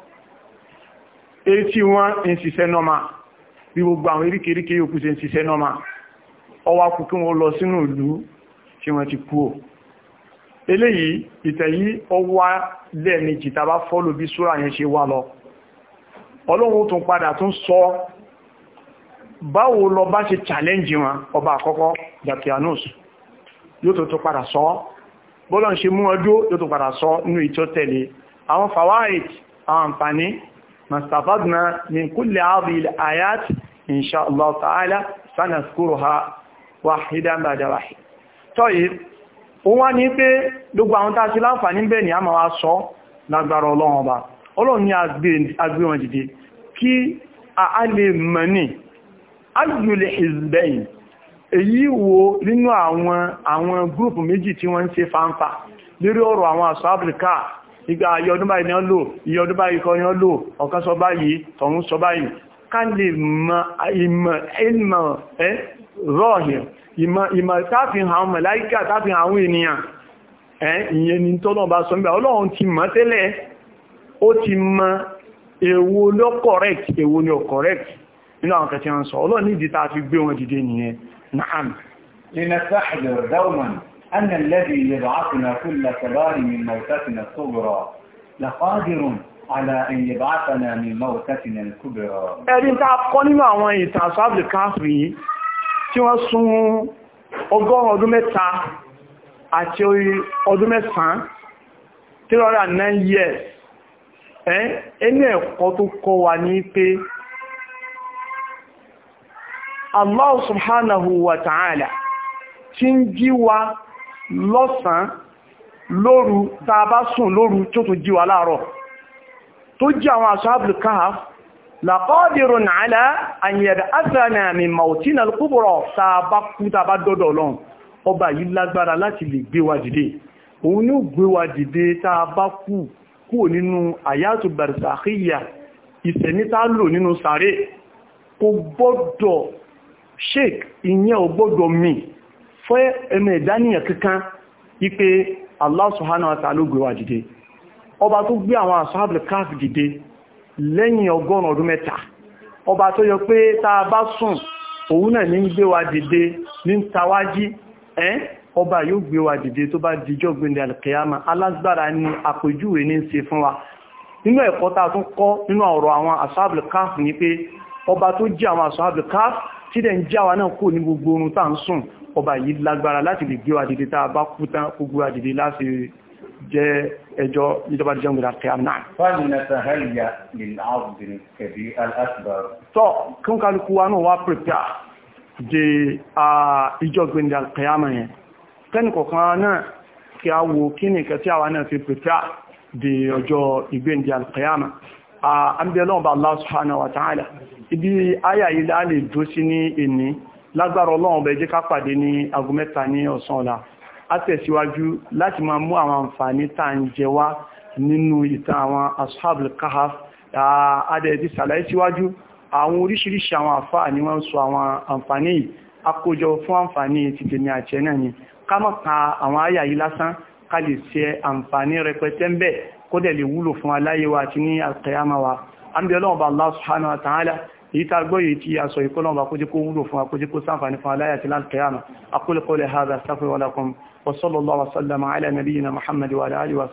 etí wọn ń ṣiṣẹ́ nọ́mà bí gbogbo àwọn eríkèríkè yóò kú ṣe ń ṣiṣẹ́ nọ́mà ọwá kú kí wọ́n lọ sínú ìlú tí wọ́n ti kú ò eléyìí ìtẹ̀yí ọwá lẹ́ẹ̀mí jìta bá fọ́lù bí súra yẹn ṣe wá lọ challenge wọn ọba àkọ́kọ́ dakianus yóò tó tó padà sọ bọ́lọ̀ ń ṣe mú ọjọ́ yóò tó padà sọ nínú ìtọ́ àwọn fawaid àwọn àǹfààní استفدنا من كل هذه الآيات إن شاء الله تعالى سنذكرها واحدا بعد واحد طيب wọ́n ní pé gbogbo àwọn tàà sí bẹ́ẹ̀ ni a máa sọ lágbára ọlọ́run ọba ọlọ́run ni agbé wọn jìde kí a lè mọ̀ ní agbìlẹ̀ ìzbẹ̀yìn èyí wo nínú àwọn gúrùpù méjì tí wọ́n ń ṣe fáńfà lórí ọ̀rọ̀ àwọn àṣọ ìgbà ayé ọdún báyìí ni wọ́n lò iye ọdún báyìí kọ́ ni wọ́n lò ọ̀kan sọ báyìí tọ̀hún sọ báyìí ká lè mọ ìmọ̀ ìmọ̀ ẹ́ rọ́ọ̀hì ìmọ̀ táfihàn àwọn màláíkà táfihàn àwọn ènìyàn ẹ́ ìyẹn ni tọ́lọ́ bá sọ nígbà ọlọ́run ti mọ̀ tẹ́lẹ̀ ó ti mọ èwo ló correct èwo ni ò correct nínú àwọn kẹtì wọn sọ ọlọ́run nídìí tá a fi gbé wọn dìde nìyẹn naam أن الذي يبعثنا كل كبار من موتتنا الصغرى لقادر على أن يبعثنا من موتتنا الكبرى ẹ̀rin tá a kọ́ nínú àwọn ìtàn sáàbì káàfì tí wọ́n sún ọgọ́rùn ọdún mẹ́ta àti ọdún mẹ́sàn-án tí lọ́rà 9 years ẹ́ ẹni ẹ̀kọ́ tó kọ́ wa ní pé Allah subhanahu wa ta'ala tí ń jí wa lọ́sàn lóru tá a bá sùn lóru tó tún jí wa láàárọ̀ tó jí àwọn ashabul kahf laqadirun ala an yab'athana min mawtina al-kubra tá a bá kú tá a bá dọ́dọ̀ Ọlọ́run ọba yìí lágbára láti lè gbé wa dìde sheik ìyẹn ò mi fẹ́ ẹmẹ ìdáníyàn kankan wípé Allah subhanahu wa ta'ala wa dìde ọba tó gbé àwọn asáàbì káàfì dìde lẹ́yìn ọgọ́rùn ọdún mẹ́ta ọba tó yọ pé tá bá sùn òun náà ní gbé dìde ní tawájí ẹ́ ọba yóò dìde tó bá dìjọ́ gbẹ̀ndẹ̀ dẹ̀ ń náà ọba yìí lágbára láti lè gbé wa dìde tá a bá kú tán gbogbo wa dìde láti jẹ́ ẹjọ́ ìjọba jẹun gbèrà kẹ́ àmì náà. fáàlì náà ta hàlìyà lè láàbùdìn kẹbí al-asbar. tọ́ kí n kálukú wa náà wá pèpà de ìjọ gbèrà kẹ́ àmì yẹn tẹ́nìkọ̀kan a wo kí ni Allah subhanahu wa ta'ala ibi ayayi láàlè dó sí ní èní lágbára ọlọ́run bẹ̀ jẹ́ ká pàdé ní aago mẹ́ta ní ọ̀sán ọ̀la a tẹ̀síwájú láti máa mú àwọn àǹfààní tá à ń jẹ wá nínú ìtàn àwọn ashabul kahaf adẹ̀ ti sàlàyé síwájú àwọn oríṣiríṣi àwọn àfáà ni wọ́n sọ àwọn àǹfààní yìí akójọ fún ni ká má ka àwọn àyà yìí lásán ká lè ṣe àǹfààní rẹpẹtẹ ń wa àti ní àkẹyàmá wa ta'ala èyí tá gbọ́ yìí tí a sọ ìkọ́lọ̀ ọba kójí kó wúlò fún akójí kó sáfàní fún aláyàtí láàkìyàmà akólẹ̀kọ́ lè hádà sáfẹ́ wọ́lákùn wasallallahu wasallama ala nabiyyina muhammadu wa